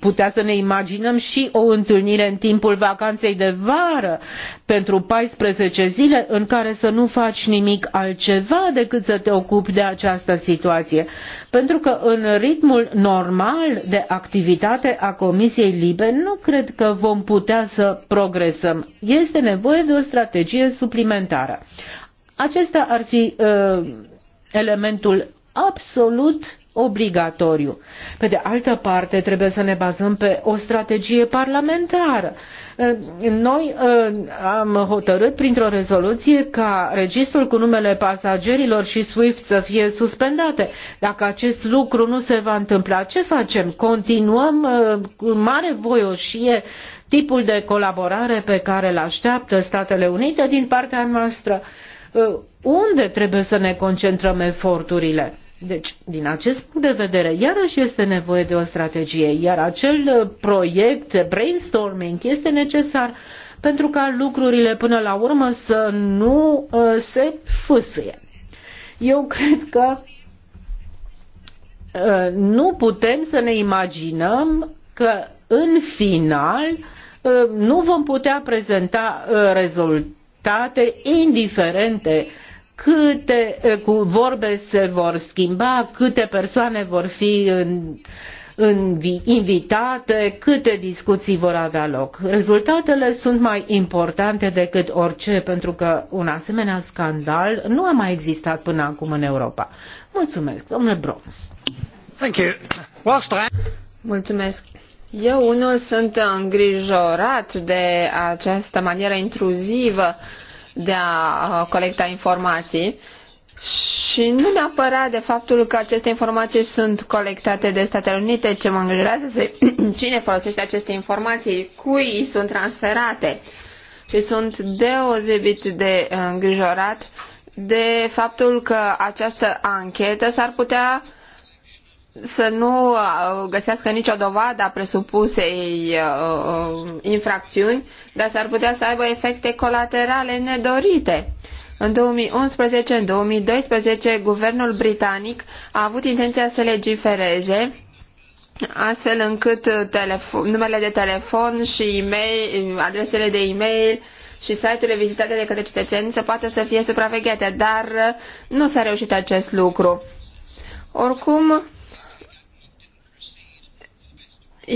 putea să ne imaginăm și o întâlnire în timpul vacanței de vară pentru 14 zile în care să nu faci nimic altceva decât să te ocupi de această situație. Pentru că în ritmul normal de activitate a Comisiei Libe nu cred că vom putea să progresăm. Este nevoie de o strategie suplimentară. Acesta ar fi uh, elementul absolut obligatoriu. Pe de altă parte, trebuie să ne bazăm pe o strategie parlamentară. Eh, noi eh, am hotărât printr-o rezoluție ca registrul cu numele pasagerilor și SWIFT să fie suspendate. Dacă acest lucru nu se va întâmpla, ce facem? Continuăm eh, cu mare voioșie tipul de colaborare pe care îl așteaptă Statele Unite din partea noastră? Unde trebuie să ne concentrăm eforturile? Deci, din acest punct de vedere, iarăși este nevoie de o strategie, iar acel uh, proiect brainstorming este necesar pentru ca lucrurile până la urmă să nu uh, se fâsâie. Eu cred că uh, nu putem să ne imaginăm că în final uh, nu vom putea prezenta uh, rezultate indiferente uh, câte eh, vorbe se vor schimba, câte persoane vor fi în, în, invitate, câte discuții vor avea loc. Rezultatele sunt mai importante decât orice, pentru că un asemenea scandal nu a mai existat până acum în Europa. Mulțumesc, domnule Brons. Thank you. Mulțumesc. Eu unul sunt îngrijorat de această manieră intruzivă uh, de a uh, colecta informații și nu neapărat de faptul că aceste informații sunt colectate de Statele Unite, ce mă îngrijorează este cine folosește aceste informații, cui sunt transferate. Și sunt deosebit de uh, îngrijorat de faptul că această anchetă s-ar putea uh, să nu uh, găsească nicio dovadă a presupusei uh, uh, infracțiuni, dar s-ar putea să aibă efecte colaterale nedorite. În 2011, în 2012, guvernul britanic a avut intenția să legifereze astfel încât telefon, numele de telefon și e-mail, adresele de e-mail și site-urile vizitate de către cetățeni să poată să fie supravegheate, dar nu s-a reușit acest lucru. Oricum,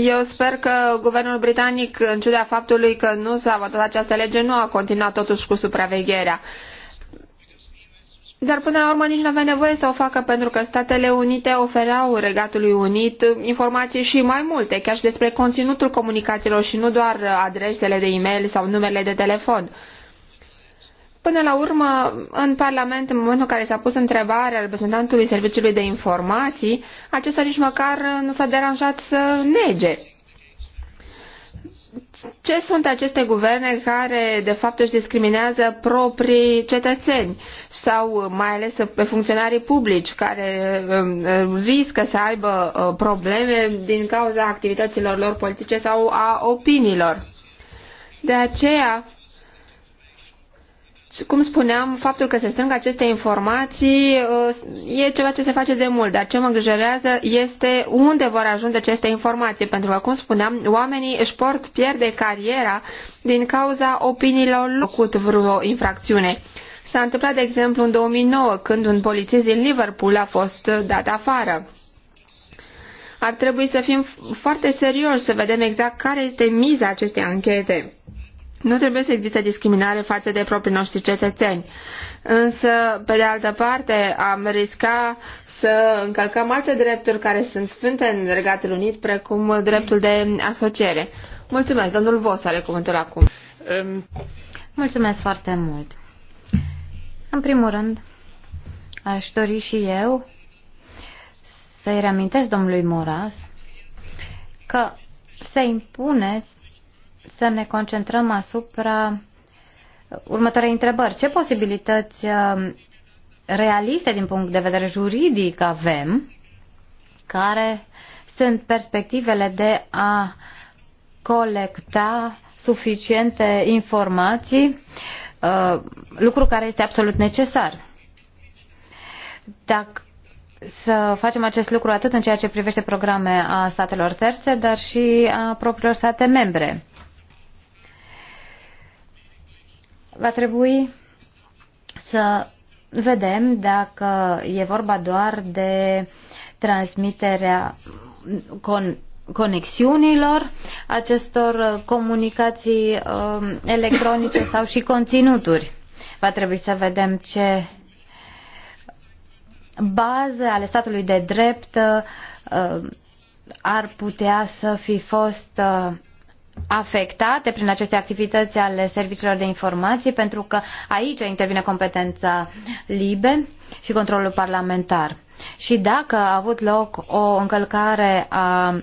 eu sper că guvernul britanic, în ciuda faptului că nu s-a votat această lege, nu a continuat totuși cu supravegherea. Dar până la urmă nici nu avea nevoie să o facă pentru că Statele Unite oferau Regatului Unit informații și mai multe, chiar și despre conținutul comunicațiilor și nu doar adresele de e-mail sau numerele de telefon. Până la urmă, în Parlament, în momentul în care s-a pus întrebarea reprezentantului Serviciului de Informații, acesta nici măcar nu s-a deranjat să nege. Ce sunt aceste guverne care, de fapt, își discriminează proprii cetățeni sau mai ales pe funcționarii publici care um, um, riscă să aibă uh, probleme din cauza activităților lor politice sau a opiniilor? De aceea, cum spuneam, faptul că se strâng aceste informații uh, e ceva ce se face de mult, dar ce mă îngrijorează este unde vor ajunge aceste informații, pentru că, cum spuneam, oamenii își pot pierde cariera din cauza opiniilor făcut vreo infracțiune. S-a întâmplat, de exemplu, în 2009, când un polițist din Liverpool a fost uh, dat afară. Ar trebui să fim foarte serioși să vedem exact care este miza acestei anchete nu trebuie să existe discriminare față de proprii noștri cetățeni. Însă, pe de altă parte, am risca să încălcăm alte drepturi care sunt sfinte în Regatul Unit, precum dreptul de asociere. Mulțumesc. Domnul Vos are cuvântul acum. Um... Mulțumesc foarte mult. În primul rând, aș dori și eu să-i reamintesc domnului Moraz că se impune să ne concentrăm asupra următoarei întrebări. Ce posibilități uh, realiste din punct de vedere juridic avem? Care sunt perspectivele de a colecta suficiente informații, uh, lucru care este absolut necesar. Dacă să facem acest lucru atât în ceea ce privește programe a statelor terțe, dar și a propriilor state membre. Va trebui să vedem dacă e vorba doar de transmiterea con conexiunilor acestor comunicații uh, electronice sau și conținuturi. Va trebui să vedem ce baze ale statului de drept uh, ar putea să fi fost uh, afectate prin aceste activități ale serviciilor de informații, pentru că aici intervine competența LIBE și controlul parlamentar. Și dacă a avut loc o încălcare a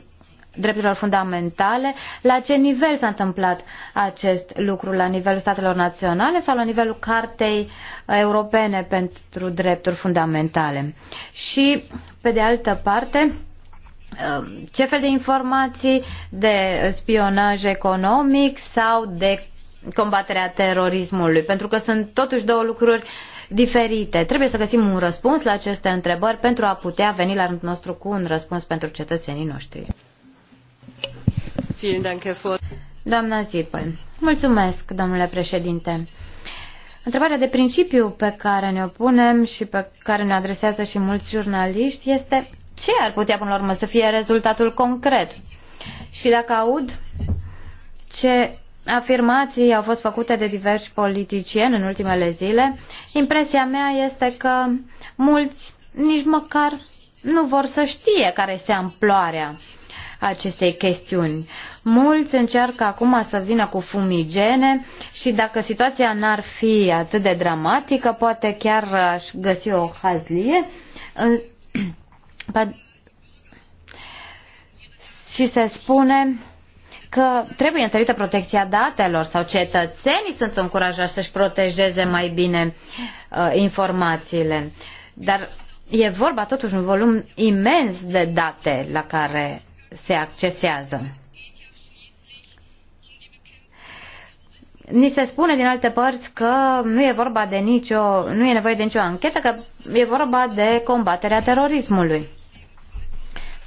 drepturilor fundamentale, la ce nivel s-a întâmplat acest lucru, la nivelul statelor naționale sau la nivelul Cartei Europene pentru Drepturi Fundamentale. Și, pe de altă parte, Um, ce fel de informații, de spionaj economic sau de combaterea terorismului, pentru că sunt totuși două lucruri diferite. Trebuie să găsim un răspuns la aceste întrebări pentru a putea veni la rândul nostru cu un răspuns pentru cetățenii noștri. Doamna Zipăl, mulțumesc, domnule președinte. Întrebarea de principiu pe care ne o punem și pe care ne adresează și mulți jurnaliști este ce ar putea până la urmă să fie rezultatul concret? Și dacă aud ce afirmații au fost făcute de diversi politicieni în ultimele zile, impresia mea este că mulți nici măcar nu vor să știe care este amploarea acestei chestiuni. Mulți încearcă acum să vină cu fumigene și dacă situația n-ar fi atât de dramatică, poate chiar aș găsi o hazlie și se spune că trebuie întărită protecția datelor sau cetățenii sunt încurajați să-și protejeze mai bine uh, informațiile. Dar e vorba totuși un volum imens de date la care se accesează. Ni se spune din alte părți că nu e vorba de nicio, nu e nevoie de nicio anchetă, că e vorba de combaterea terorismului.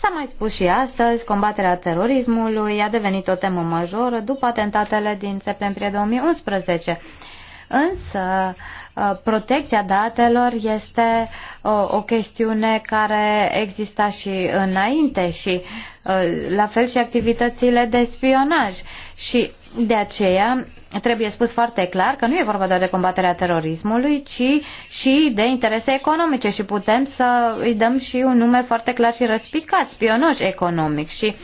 S-a mai spus și astăzi, combaterea terorismului a devenit o temă majoră după atentatele din septembrie 2011. Însă, uh, protecția datelor este o, uh, o chestiune care exista și înainte și uh, la fel și activitățile de spionaj. Și de aceea trebuie spus foarte clar că nu e vorba doar de combaterea terorismului, ci și de interese economice și putem să îi dăm și un nume foarte clar și răspicat, spionaj economic. Și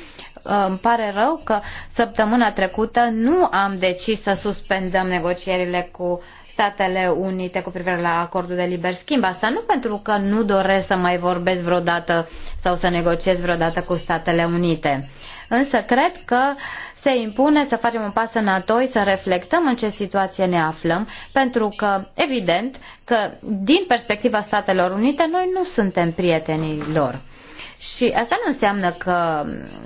uh, îmi pare rău că săptămâna trecută nu am decis să suspendăm negocierile cu Statele Unite cu privire la acordul de liber schimb. Asta nu pentru că nu doresc să mai vorbesc vreodată sau să negociez vreodată cu Statele Unite. Însă cred că uh, se impune să facem un pas înapoi, să reflectăm în ce situație ne aflăm, pentru că, evident, că din perspectiva Statelor Unite, noi nu suntem prietenii lor. Și asta nu înseamnă că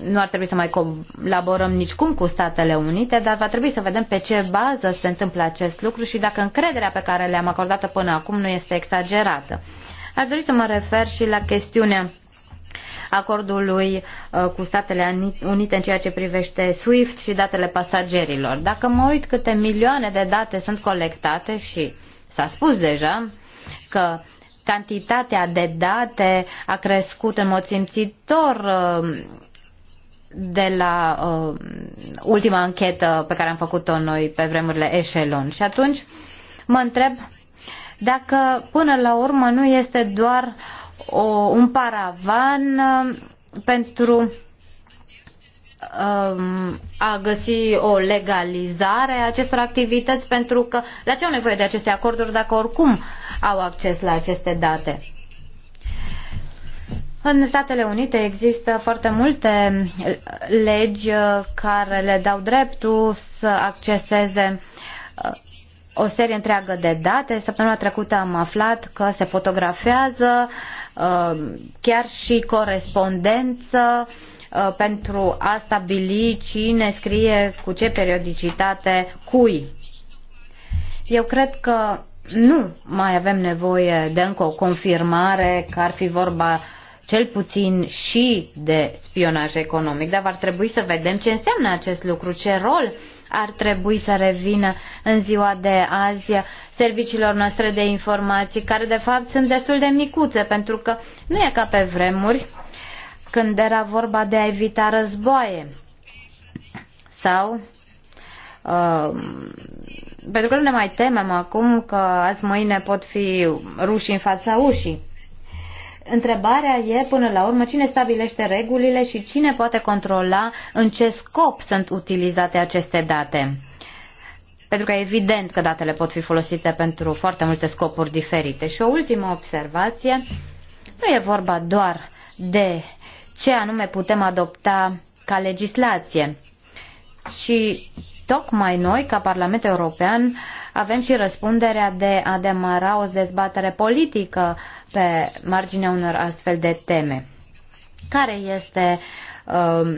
nu ar trebui să mai colaborăm nicicum cu Statele Unite, dar va trebui să vedem pe ce bază se întâmplă acest lucru și dacă încrederea pe care le-am acordată până acum nu este exagerată. Aș dori să mă refer și la chestiunea acordului uh, cu Statele Unite în ceea ce privește SWIFT și datele pasagerilor. Dacă mă uit câte milioane de date sunt colectate și s-a spus deja că cantitatea de date a crescut în mod simțitor uh, de la uh, ultima închetă pe care am făcut-o noi pe vremurile Echelon. Și atunci mă întreb dacă până la urmă nu este doar o, un paravan uh, pentru um, a găsi o legalizare a acestor activități pentru că la ce au nevoie de aceste acorduri dacă oricum au acces la aceste date? În Statele Unite există foarte multe legi uh, care le dau dreptul să acceseze uh, o serie întreagă de date. Săptămâna trecută am aflat că se fotografează uh, Um, chiar și corespondență uh, pentru a stabili cine scrie cu ce periodicitate cui. Eu cred că nu mai avem nevoie de încă o confirmare că ar fi vorba cel puțin și de spionaj economic, dar ar trebui să vedem ce înseamnă acest lucru, ce rol uh, ar trebui să revină în ziua de azi serviciilor noastre de informații, care de fapt sunt destul de micuțe, pentru că nu e ca pe vremuri când era vorba de a evita războaie sau uh, pentru că nu ne mai temem acum că azi mâine pot fi ruși în fața ușii. Întrebarea e, până la urmă, cine stabilește regulile și cine poate controla în ce scop sunt utilizate aceste date. Pentru că e evident că datele pot fi folosite pentru foarte multe scopuri diferite. Și o ultimă observație, nu e vorba doar de ce anume putem adopta ca legislație, ci tocmai noi, ca Parlament European, avem și răspunderea de a demara o dezbatere politică pe marginea unor astfel de teme. Care este uh,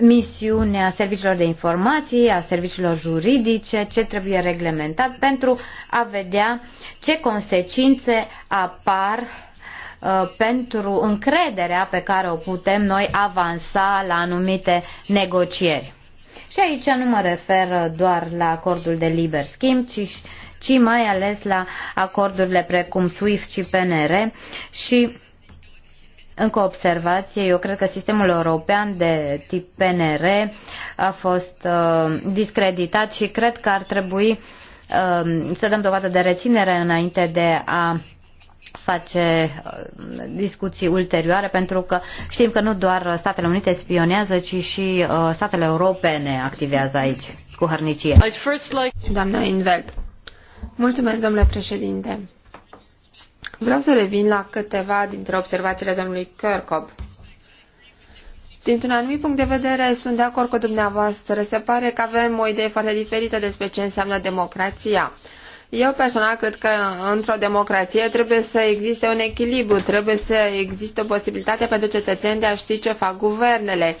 misiunea serviciilor de informații, a serviciilor juridice, ce trebuie reglementat pentru a vedea ce consecințe apar uh, pentru încrederea pe care o putem noi avansa la anumite negocieri. Și aici nu mă refer doar la acordul de liber schimb, ci ci mai ales la acordurile precum SWIFT și PNR și încă o observație, eu cred că sistemul european de tip PNR a fost uh, discreditat și cred că ar trebui uh, să dăm dovadă de reținere înainte de a face uh, discuții ulterioare pentru că știm că nu doar Statele Unite spionează, ci și uh, statele europene activează aici cu hărnicie. Doamna Invelt, Mulțumesc, domnule președinte. Vreau să revin la câteva dintre observațiile domnului Kirkhope. Dintr-un anumit punct de vedere, sunt de acord cu dumneavoastră. Se pare că avem o idee foarte diferită despre ce înseamnă democrația. Eu personal cred că într-o democrație trebuie să existe un echilibru, trebuie să existe o posibilitate pentru cetățeni de a ști ce fac guvernele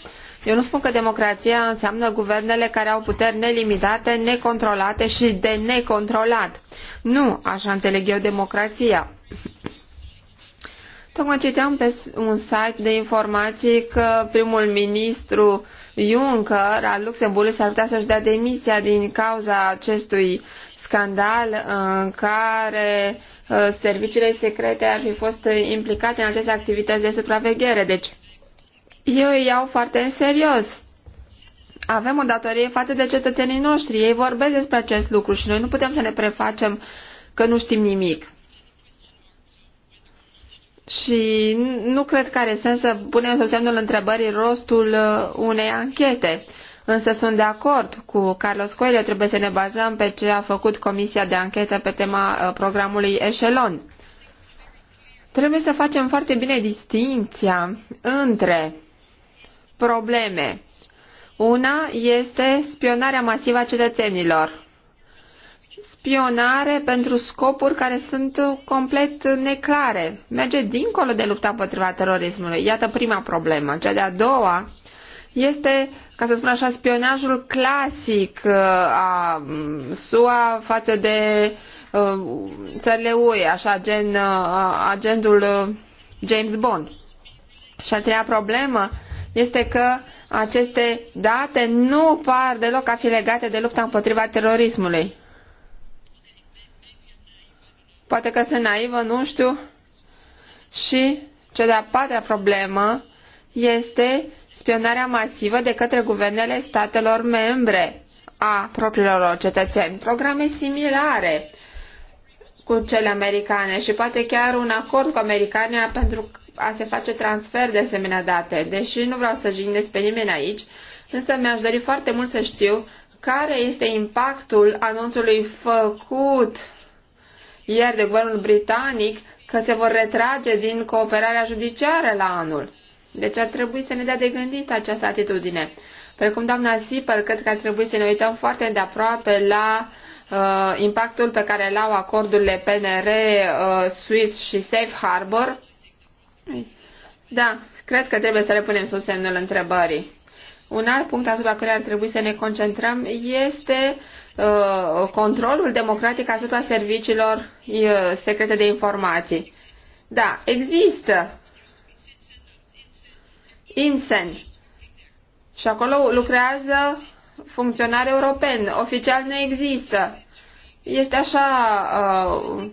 eu nu spun că democrația înseamnă guvernele care au puteri nelimitate, necontrolate și de necontrolat. Nu, așa înțeleg eu democrația. Tocmai citeam pe un site de informații că primul ministru Juncker al Luxemburgului s-ar putea să-și dea demisia din cauza acestui scandal în care uh, serviciile secrete ar fi fost implicate în aceste activități de supraveghere. Deci, eu îi iau foarte în serios. Avem o datorie față de cetățenii noștri. Ei vorbesc despre acest lucru și noi nu putem să ne prefacem că nu știm nimic. Și nu cred că are sens să punem sub semnul întrebării rostul uh, unei anchete. Însă sunt de acord cu Carlos Coelho, trebuie să ne bazăm pe ce a făcut Comisia de Anchetă pe tema uh, programului Echelon. Trebuie să facem foarte bine distinția între probleme. Una este spionarea masivă a cetățenilor. Spionare pentru scopuri care sunt complet neclare. Merge dincolo de lupta împotriva terorismului. Iată prima problemă. Cea de-a doua este, ca să spun așa, spionajul clasic uh, a mm, SUA față de uh, țările UE, așa gen uh, agendul James Bond. Și a treia problemă este că aceste date nu par deloc a fi legate de lupta împotriva terorismului. Poate că sunt naivă, nu știu. Și cea de-a patra problemă este spionarea masivă de către guvernele statelor membre a propriilor lor cetățeni. Programe similare cu cele americane și poate chiar un acord cu americania pentru a se face transfer de asemenea date. Deși nu vreau să jignesc pe nimeni aici, însă mi-aș dori foarte mult să știu care este impactul anunțului făcut ieri de guvernul britanic că se vor retrage din cooperarea judiciară la anul. Deci ar trebui să ne dea de gândit această atitudine. Precum doamna Sipăl, cred că ar trebui să ne uităm foarte de aproape la uh, Uh, impactul pe care îl au acordurile PNR, uh, SWIFT și Safe Harbor? Da, cred că trebuie să le punem sub semnul întrebării. Un alt punct asupra care ar trebui să ne concentrăm este uh, controlul democratic asupra serviciilor uh, secrete de informații. Da, există INSEN și acolo lucrează funcționar european Oficial nu există. Este așa uh,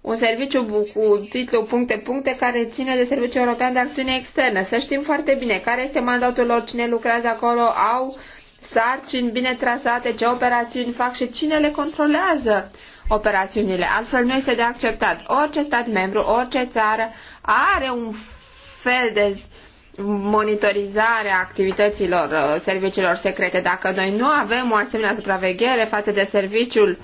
un serviciu cu titlu puncte-puncte care ține de Serviciul European de Acțiune Externă. Să știm foarte bine care este mandatul lor, cine lucrează acolo, au sarcini bine trasate, ce operațiuni fac și cine le controlează operațiunile. Altfel nu este de acceptat. Orice stat membru, orice țară are un fel de monitorizarea activităților uh, serviciilor secrete. Dacă noi nu avem o asemenea supraveghere față de serviciul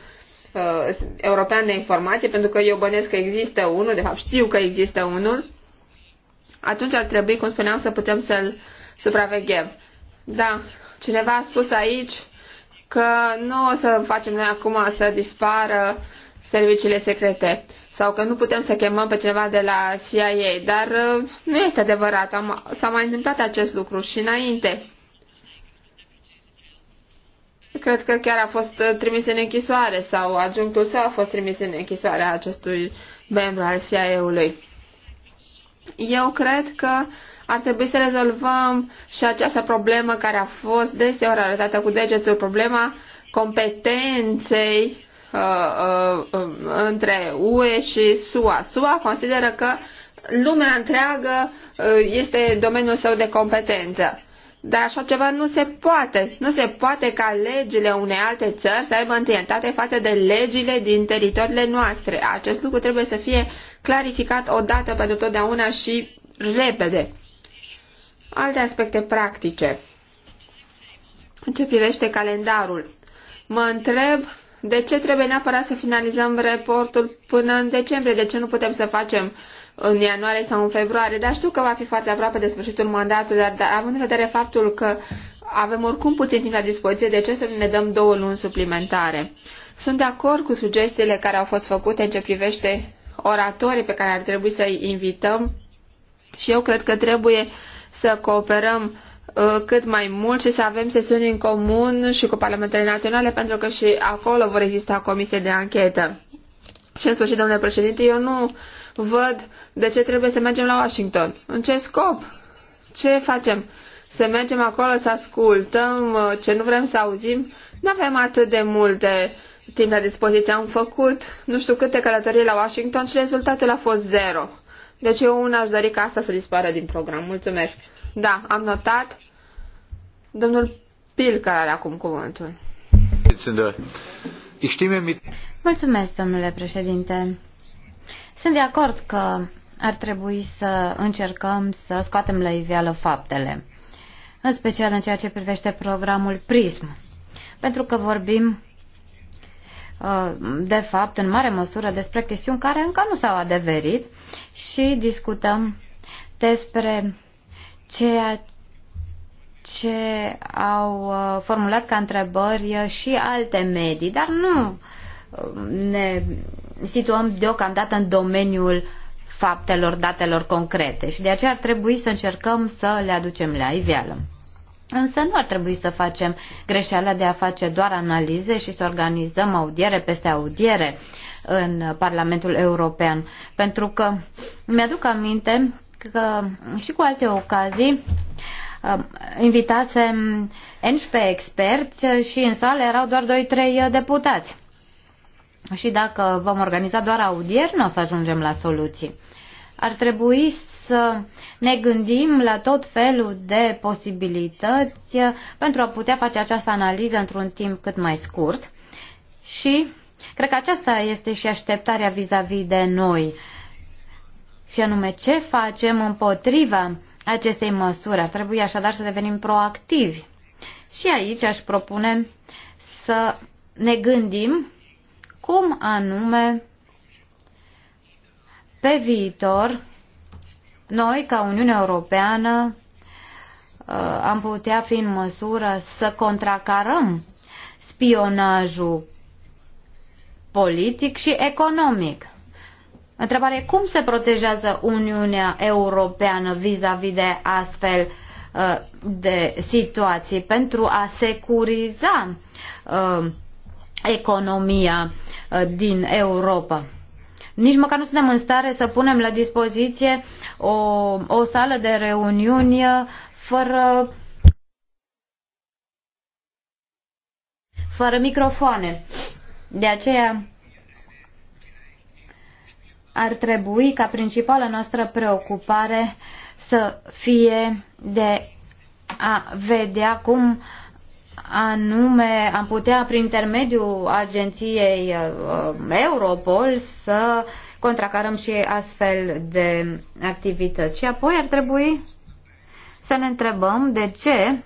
uh, european de informație, pentru că eu bănesc că există unul, de fapt știu că există unul, atunci ar trebui, cum spuneam, să putem să-l supraveghem. Da, cineva a spus aici că nu o să facem noi acum să dispară uh, serviciile secrete sau că nu putem să chemăm pe cineva de la CIA, dar uh, nu este adevărat. s-a mai întâmplat acest lucru și înainte. Cred că chiar a fost uh, trimis în închisoare sau adjunctul său a fost trimis în închisoare a acestui membru al CIA-ului. Eu cred că ar trebui să rezolvăm și această problemă care a fost deseori arătată cu degetul, problema competenței Uh, uh, uh, între UE și SUA. SUA consideră că lumea întreagă uh, este domeniul său de competență. Dar așa ceva nu se poate. Nu se poate ca legile unei alte țări să aibă întâietate față de legile din teritoriile noastre. Acest lucru trebuie să fie clarificat odată pentru totdeauna și repede. Alte aspecte practice. În ce privește calendarul, mă întreb de ce trebuie neapărat să finalizăm raportul până în decembrie? De ce nu putem să facem în ianuarie sau în februarie? Dar știu că va fi foarte aproape de sfârșitul mandatului, dar, dar având în vedere faptul că avem oricum puțin timp la dispoziție, de ce să ne dăm două luni suplimentare? Sunt de acord cu sugestiile care au fost făcute în ce privește oratorii pe care ar trebui să-i invităm și eu cred că trebuie să cooperăm uh, Uh, cât mai mult și să avem sesiuni în comun și cu parlamentele naționale, pentru că și acolo vor exista comise de anchetă. Și în sfârșit, domnule președinte, eu nu văd de ce trebuie să mergem la Washington. În ce scop? Ce facem? Să mergem acolo să ascultăm uh, ce nu vrem să auzim? Nu avem atât de multe timp la dispoziție. Am făcut nu știu câte călătorii la Washington și rezultatul a fost zero. Deci eu una aș dori ca asta să dispară din program. Mulțumesc. Da, am notat. Domnul Pil, care are acum cuvântul. Mulțumesc, domnule președinte. Sunt de acord că ar trebui să încercăm să scoatem la iveală faptele, în special în ceea ce privește programul PRISM, pentru că vorbim uh, de fapt, în mare măsură, despre chestiuni care încă nu s-au adeverit și discutăm despre ceea ce au uh, formulat ca întrebări uh, și alte medii, dar nu uh, ne situăm deocamdată în domeniul faptelor, datelor concrete și de aceea ar trebui să încercăm să le aducem la iveală. Însă nu ar trebui să facem greșeala de a face doar analize și să organizăm audiere peste audiere în Parlamentul European, pentru că mi-aduc aminte că și cu alte ocazii Um, invitasem 11 experți și în sală erau doar 2-3 uh, deputați. Și dacă vom organiza doar audieri, nu o să ajungem la soluții. Ar trebui să ne gândim la tot felul de posibilități uh, pentru a putea face această analiză într-un timp cât mai scurt. Și cred că aceasta este și așteptarea vis-a-vis -vis de noi. Și anume, ce facem împotriva acestei măsuri. Ar trebui așadar să devenim proactivi. Și aici aș propune să ne gândim cum anume pe viitor noi, ca Uniunea Europeană, ă, am putea fi în măsură să contracarăm spionajul politic și economic. Întrebarea e cum se protejează Uniunea Europeană vis-a-vis -vis de astfel uh, de situații pentru a securiza uh, economia uh, din Europa. Nici măcar nu suntem în stare să punem la dispoziție o, o sală de reuniuni fără fără microfoane. De aceea ar trebui ca principala noastră preocupare să fie de a vedea cum anume am putea prin intermediul agenției uh, uh, Europol să contracarăm și astfel de activități. Și apoi ar trebui să ne întrebăm de ce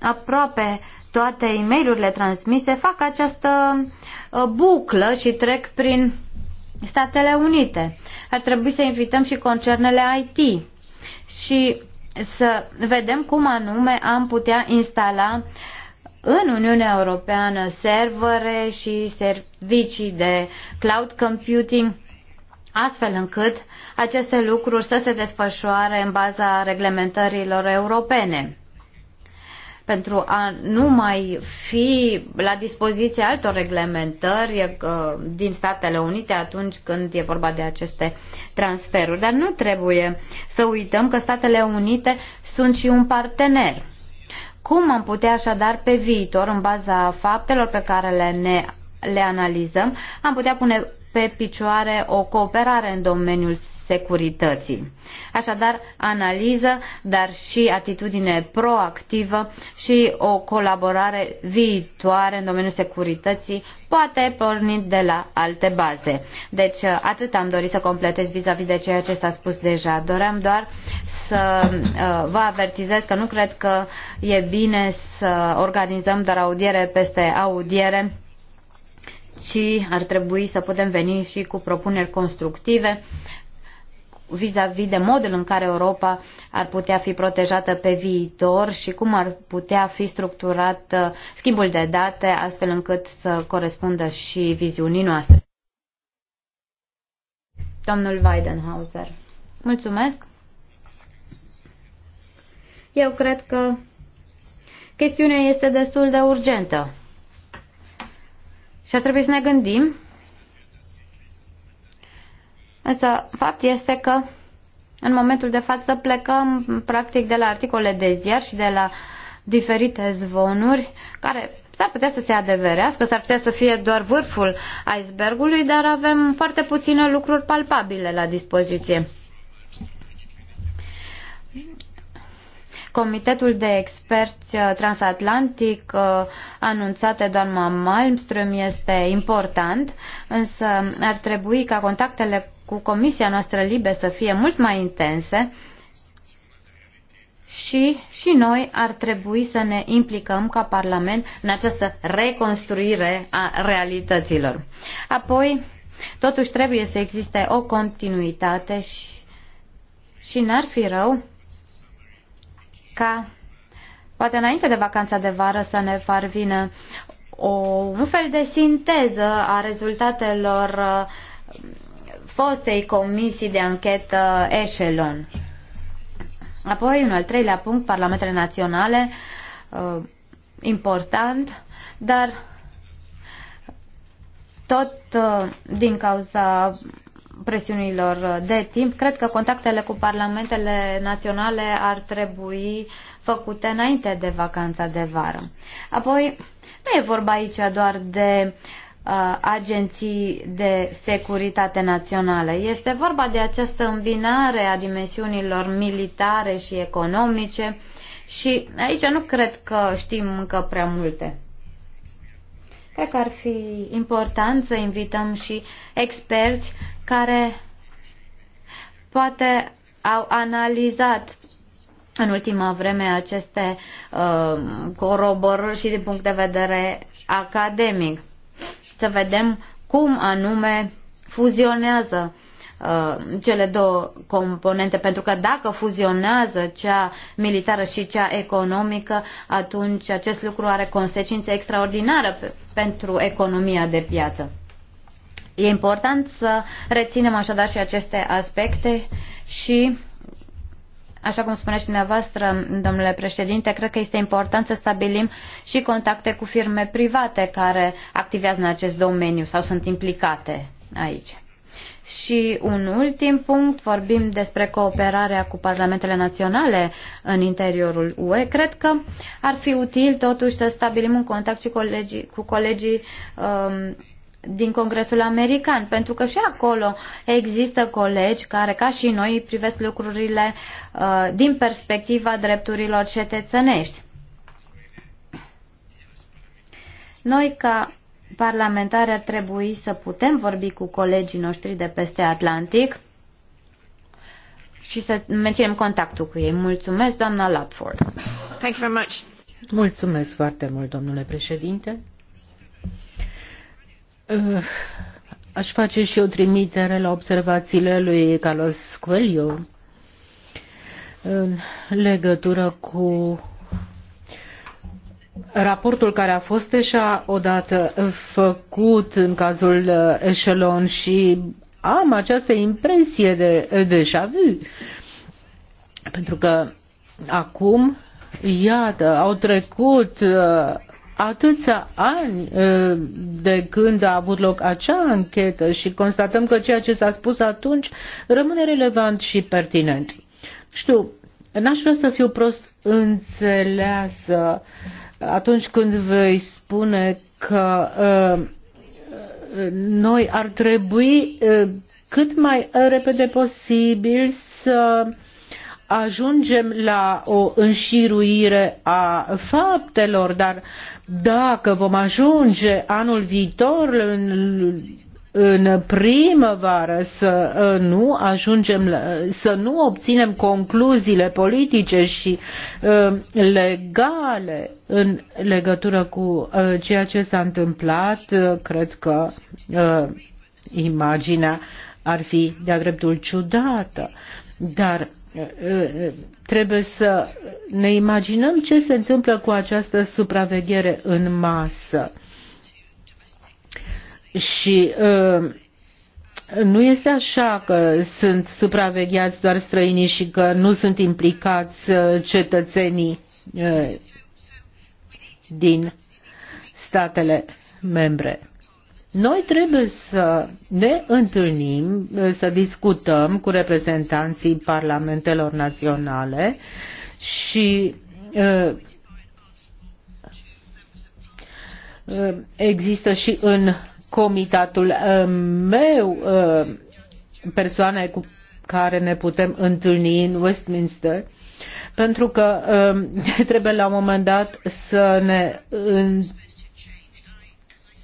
aproape toate e-mailurile transmise fac această uh, buclă și trec prin Statele Unite. Ar trebui să invităm și concernele IT și să vedem cum anume am putea instala în Uniunea Europeană servere și servicii de cloud computing astfel încât aceste lucruri să se desfășoare în baza reglementărilor europene pentru a nu mai fi la dispoziție altor reglementări din Statele Unite atunci când e vorba de aceste transferuri. Dar nu trebuie să uităm că Statele Unite sunt și un partener. Cum am putea așadar pe viitor, în baza faptelor pe care le, ne, le analizăm, am putea pune pe picioare o cooperare în domeniul securității. Așadar, analiză, dar și atitudine proactivă și o colaborare viitoare în domeniul securității, poate pornind de la alte baze. Deci, atât am dorit să completez vis-a-vis -vis de ceea ce s-a spus deja. Doream doar să uh, vă avertizez că nu cred că e bine să organizăm doar audiere peste audiere ci ar trebui să putem veni și cu propuneri constructive vis-a-vis -vis de modul în care Europa ar putea fi protejată pe viitor și cum ar putea fi structurat uh, schimbul de date astfel încât să corespundă și viziunii noastre. Domnul Weidenhauser. Mulțumesc. Eu cred că chestiunea este destul de urgentă. Și ar trebui să ne gândim Însă, fapt este că în momentul de față plecăm practic de la articole de ziar și de la diferite zvonuri care s-ar putea să se adeverească, s-ar putea să fie doar vârful icebergului, dar avem foarte puține lucruri palpabile la dispoziție. Comitetul de experți uh, transatlantic uh, anunțat de doamna Malmström este important, însă ar trebui ca contactele cu comisia noastră libe să fie mult mai intense și și noi ar trebui să ne implicăm ca Parlament în această reconstruire a realităților. Apoi, totuși trebuie să existe o continuitate și, și n-ar fi rău ca poate înainte de vacanța de vară să ne parvină o, un fel de sinteză a rezultatelor fostei comisii de anchetă Echelon. Apoi, un al treilea punct, parlamentele naționale, uh, important, dar tot uh, din cauza presiunilor de timp, cred că contactele cu parlamentele naționale ar trebui făcute înainte de vacanța de vară. Apoi, nu e vorba aici doar de uh, Uh, agenții de securitate națională. Este vorba de această îmbinare a dimensiunilor militare și economice și aici nu cred că știm încă prea multe. Cred că ar fi important să invităm și experți care poate au analizat în ultima vreme aceste uh, coroborări și din punct de vedere academic să vedem cum anume fuzionează uh, cele două componente, pentru că dacă fuzionează cea militară și cea economică, atunci acest lucru are consecințe extraordinare pe, pentru economia de piață. E important să reținem așadar și aceste aspecte și Așa cum spuneți dumneavoastră, domnule președinte, cred că este important să stabilim și contacte cu firme private care activează în acest domeniu sau sunt implicate aici. Și un ultim punct, vorbim despre cooperarea cu parlamentele naționale în interiorul UE. Cred că ar fi util totuși să stabilim un contact și colegii, cu colegii um, din Congresul American, pentru că și acolo există colegi care, ca și noi, privesc lucrurile uh, din perspectiva drepturilor cetățănești. Noi, ca parlamentari, ar trebui să putem vorbi cu colegii noștri de peste Atlantic și să menținem contactul cu ei. Mulțumesc, doamna Latford. Thank you very much. Mulțumesc foarte mult, domnule președinte. Eh, aș face și o trimitere la observațiile lui Carlos Coelho în legătură cu raportul care a fost deja odată făcut în cazul Echelon și am această impresie de deja vu. Pentru că acum, iată, au trecut eh, atâția ani de când a avut loc acea anchetă și constatăm că ceea ce s-a spus atunci rămâne relevant și pertinent. Știu, n-aș vrea să fiu prost înțeleasă atunci când vei spune că uh, noi ar trebui uh, cât mai repede posibil să uh, ajungem la o înșiruire a faptelor, dar dacă vom ajunge anul viitor în, în primăvară să ă, nu ajungem, să nu obținem concluziile politice și uh, legale în legătură cu uh, ceea ce s-a întâmplat, uh, cred că imaginea ar fi de-a dreptul ciudată. Dar trebuie să ne imaginăm ce se întâmplă cu această supraveghere în masă. Și uh, nu este așa că sunt supravegheați doar străinii și că nu sunt implicați uh, cetățenii uh, din statele membre. Noi trebuie să ne întâlnim, să discutăm cu reprezentanții parlamentelor naționale și ă, ă, există și în comitatul ă, meu persoane cu care ne putem întâlni în Westminster, pentru că trebuie la un moment dat să ne întâlnim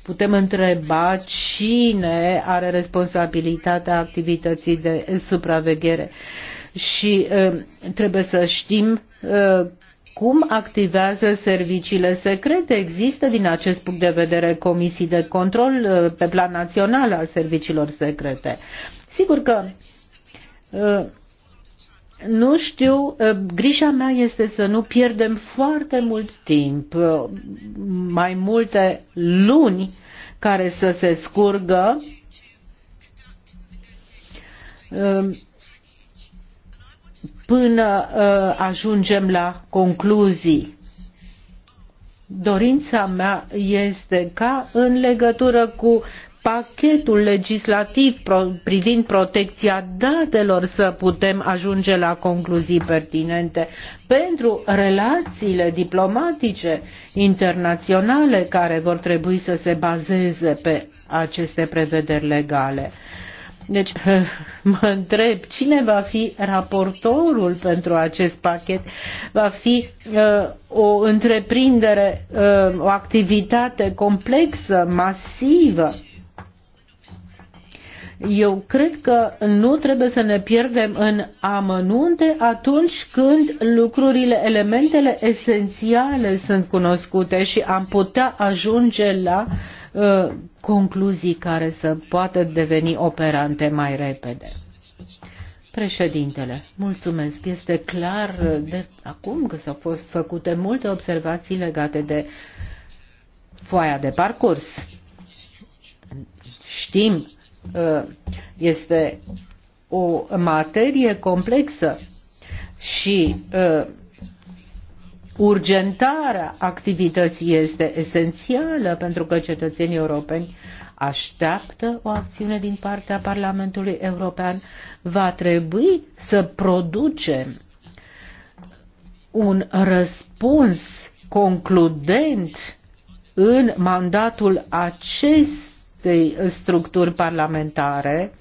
putem întreba cine are responsabilitatea activității de supraveghere și trebuie să știm cum activează serviciile secrete. Există din acest punct de vedere comisii de control pe plan național al serviciilor secrete. Sigur că nu știu, eh, grija mea este să nu pierdem foarte mult timp, eh, mai multe luni care să se scurgă ehm, până eh, ajungem la concluzii. Dorința mea este ca în legătură cu pachetul legislativ privind protecția datelor să putem ajunge la concluzii pertinente pentru relațiile diplomatice internaționale care vor trebui să se bazeze pe aceste prevederi legale. Deci mă întreb cine va fi raportorul pentru acest pachet. Va fi uh, o întreprindere, uh, o activitate complexă, masivă. Eu cred că nu trebuie să ne pierdem în amănunte atunci când lucrurile, elementele esențiale sunt cunoscute și am putea ajunge la uh, concluzii care să poată deveni operante mai repede. Președintele, mulțumesc. Este clar de acum că s-au fost făcute multe observații legate de foaia de parcurs. Știm Uh, este o materie complexă și uh, urgentarea activității este esențială pentru că cetățenii europeni așteaptă o acțiune din partea Parlamentului European. Va trebui să producem un răspuns concludent în mandatul acest acestei structuri parlamentare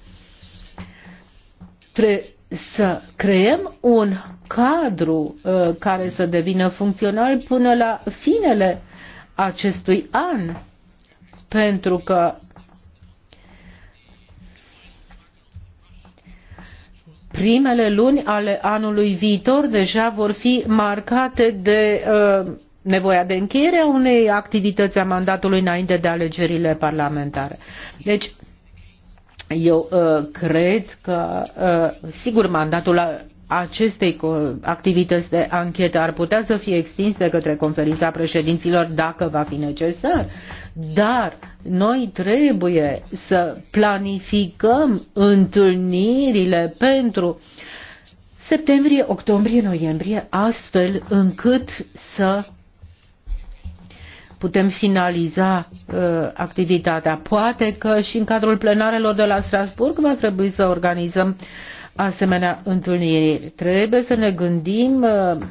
trebuie să creăm un cadru uh, care să devină funcțional până la finele acestui an, pentru că primele luni ale anului viitor deja vor fi marcate de uh, nevoia de încheiere a unei activități a mandatului înainte de alegerile parlamentare. Deci, eu uh, cred că, uh, sigur, mandatul acestei activități de anchetă ar putea să fie extins de către conferința președinților dacă va fi necesar, dar noi trebuie să planificăm întâlnirile pentru septembrie, octombrie, noiembrie, astfel încât să putem finaliza uh, activitatea. Poate că și în cadrul plenarelor de la Strasburg va trebui să organizăm asemenea întâlniri. Trebuie să ne gândim uh,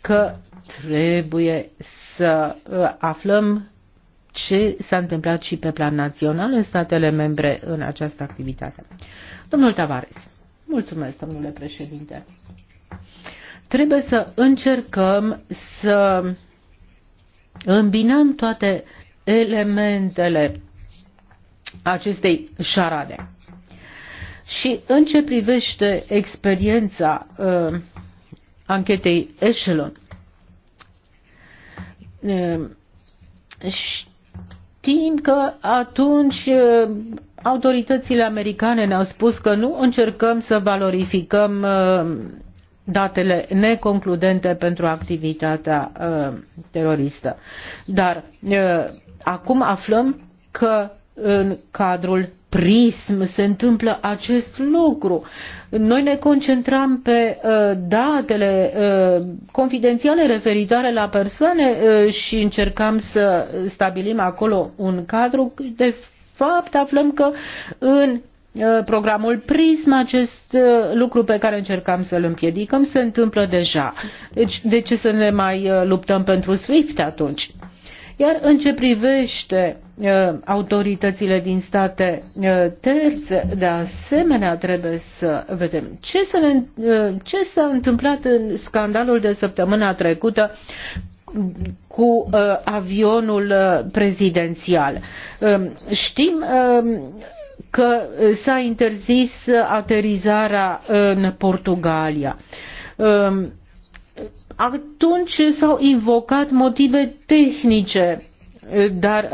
că trebuie să uh, aflăm ce s-a întâmplat și pe plan național în statele membre în această activitate. Domnul Tavares, mulțumesc, domnule președinte. Trebuie să încercăm să îmbinăm toate elementele acestei șarade. Și în ce privește experiența uh, anchetei Echelon, uh, știm că atunci uh, autoritățile americane ne-au spus că nu încercăm să valorificăm uh, datele neconcludente pentru activitatea uh, teroristă. Dar uh, acum aflăm că în cadrul prism se întâmplă acest lucru. Noi ne concentram pe uh, datele uh, confidențiale referitoare la persoane uh, și încercăm să stabilim acolo un cadru. De fapt, aflăm că în Uh, programul PRISM, acest uh, lucru pe care încercam să-l împiedicăm se întâmplă deja. Deci de ce să ne mai uh, luptăm pentru SWIFT atunci? Iar în ce privește autoritățile din state terțe, de asemenea trebuie să vedem ce, să ne, ce s-a întâmplat în scandalul de săptămâna trecută cu avionul prezidențial. Um, știm um, că s-a interzis aterizarea în Portugalia. Atunci s-au invocat motive tehnice, dar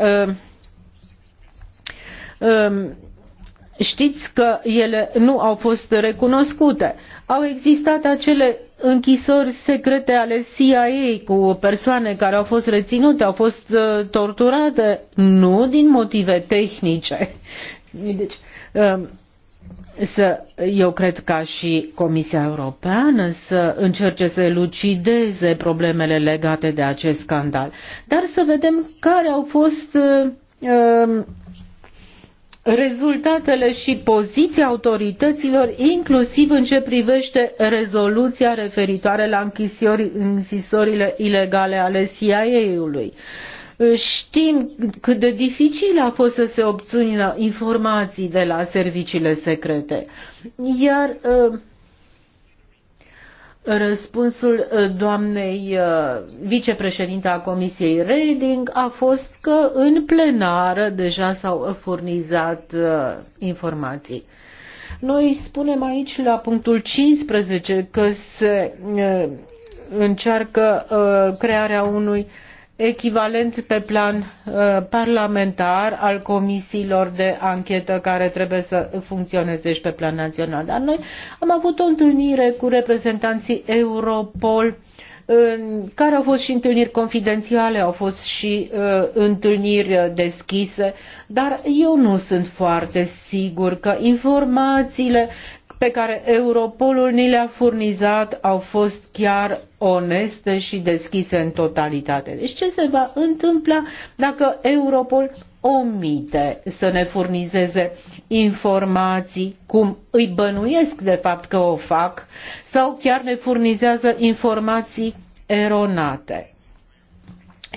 știți că ele nu au fost recunoscute. Au existat acele închisori secrete ale CIA cu persoane care au fost reținute, au fost torturate, nu din motive tehnice, deci, um, să, eu cred ca și Comisia Europeană să încerce să elucideze problemele legate de acest scandal, dar să vedem care au fost um, rezultatele și poziția autorităților, inclusiv în ce privește rezoluția referitoare la închisorile ilegale ale CIA-ului. Uh, Știm cât de dificil a fost să se obțină informații de la serviciile secrete. Iar ă, Răspunsul ă, doamnei ă, vicepreședinte a Comisiei Reding a fost că în plenară deja s-au furnizat informații. Noi spunem aici la punctul 15 că se încearcă crearea unui echivalent pe plan uh, parlamentar al comisiilor de anchetă care trebuie să funcționeze și pe plan național. Dar noi am avut o întâlnire cu reprezentanții Europol care au fost și întâlniri confidențiale, au fost și uh, întâlniri deschise, dar eu nu sunt foarte sigur că informațiile pe care Europolul ni le-a furnizat au fost chiar oneste și deschise în totalitate. Deci ce se va întâmpla dacă Europol omite să ne furnizeze informații, cum îi bănuiesc de fapt că o fac, sau chiar ne furnizează informații eronate.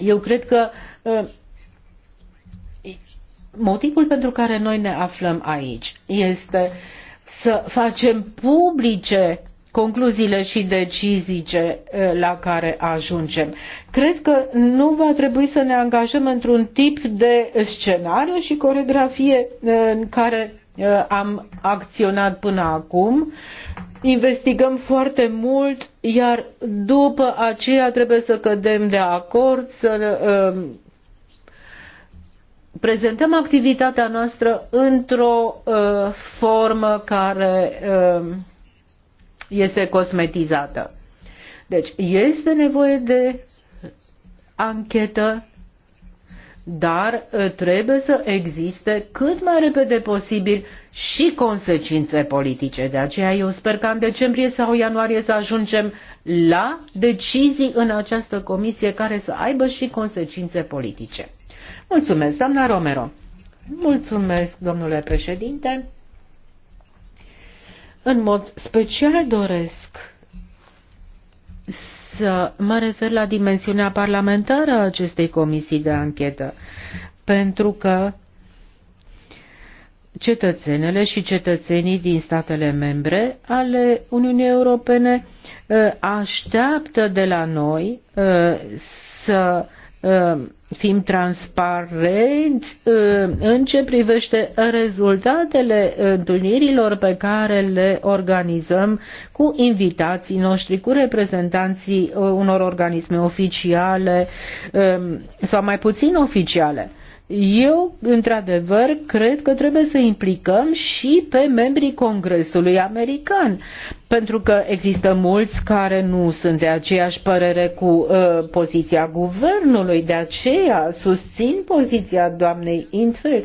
Eu cred că uh, motivul pentru care noi ne aflăm aici este uh, să facem publice concluziile și deciziile la care ajungem. Cred că nu va trebui să ne angajăm într-un tip de scenariu și coregrafie în care am acționat până acum. Investigăm foarte mult, iar după aceea trebuie să cădem de acord, să prezentăm activitatea noastră într-o uh, formă care uh, este cosmetizată. Deci este nevoie de anchetă, dar uh, trebuie să existe cât mai repede posibil și consecințe politice. De aceea eu sper că în decembrie sau ianuarie să ajungem la decizii în această comisie care să aibă și consecințe politice. Mulțumesc, doamna Romero. Mulțumesc, domnule președinte. În mod special doresc să mă refer la dimensiunea parlamentară a acestei comisii de anchetă, pentru că cetățenele și cetățenii din statele membre ale Uniunii Europene eh, așteaptă de la noi eh, să eh, fim transparenți uh, în ce privește rezultatele întâlnirilor pe care le organizăm cu invitații noștri, cu reprezentanții uh, unor organisme oficiale um, sau mai puțin oficiale. Eu, într-adevăr, cred că trebuie să implicăm și pe membrii Congresului American, pentru că există mulți care nu sunt de aceeași părere cu uh, poziția guvernului, de aceea susțin poziția doamnei Intfeld.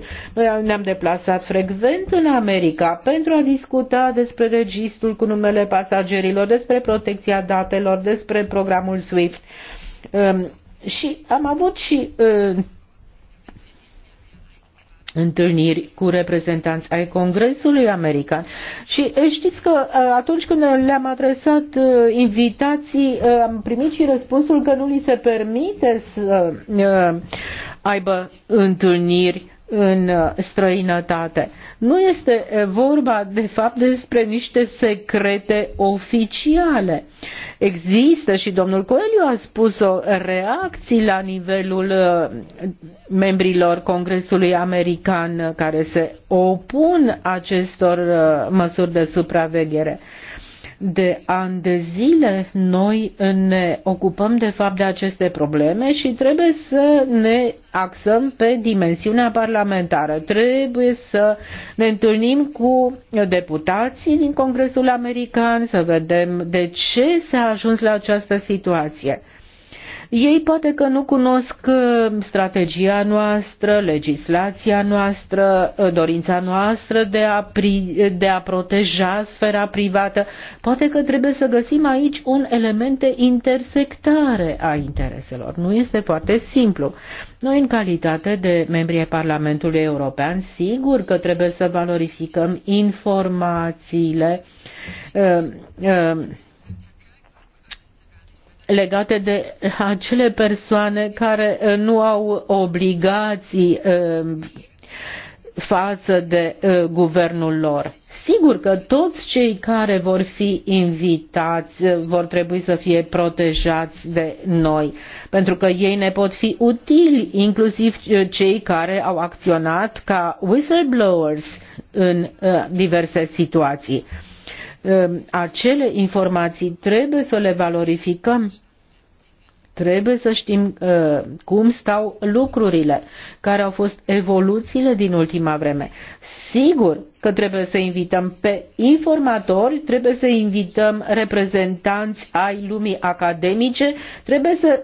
Ne-am deplasat frecvent în America pentru a discuta despre registrul cu numele pasagerilor, despre protecția datelor, despre programul SWIFT. Uh, și am avut și uh, întâlniri cu reprezentanți ai Congresului American. Și eh, știți că eh, atunci când le-am adresat eh, invitații, am primit și răspunsul că nu li se permite să aibă întâlniri în străinătate. Nu este vorba, de fapt, despre niște secrete oficiale. Uh, Există și domnul Coelho a spus-o reacții la nivelul uh, membrilor Congresului American care se opun acestor uh, măsuri de supraveghere de ani de zile noi ne ocupăm de fapt de aceste probleme și trebuie să ne axăm pe dimensiunea parlamentară. Trebuie să ne întâlnim cu deputații din Congresul American, să vedem de ce s-a ajuns la această situație. Ei poate că nu cunosc uh, strategia noastră, legislația noastră, uh, dorința noastră de a, pri, de a proteja sfera privată. Poate că trebuie să găsim aici un element de intersectare a intereselor. Nu este foarte simplu. Noi, în calitate de membri ai Parlamentului European, sigur că trebuie să valorificăm informațiile. Uh, uh, legate de acele persoane care uh, nu au obligații uh, față de uh, guvernul lor. Sigur că toți cei care vor fi invitați vor trebui să fie protejați de noi, pentru că ei ne pot fi utili, inclusiv cei care au acționat ca whistleblowers în diverse situații. Ehm, acele informații trebuie să le valorificăm. Trebuie să știm uh, cum stau lucrurile, care au fost evoluțiile din ultima vreme. Sigur că trebuie să invităm pe informatori, trebuie să invităm reprezentanți ai lumii academice, trebuie să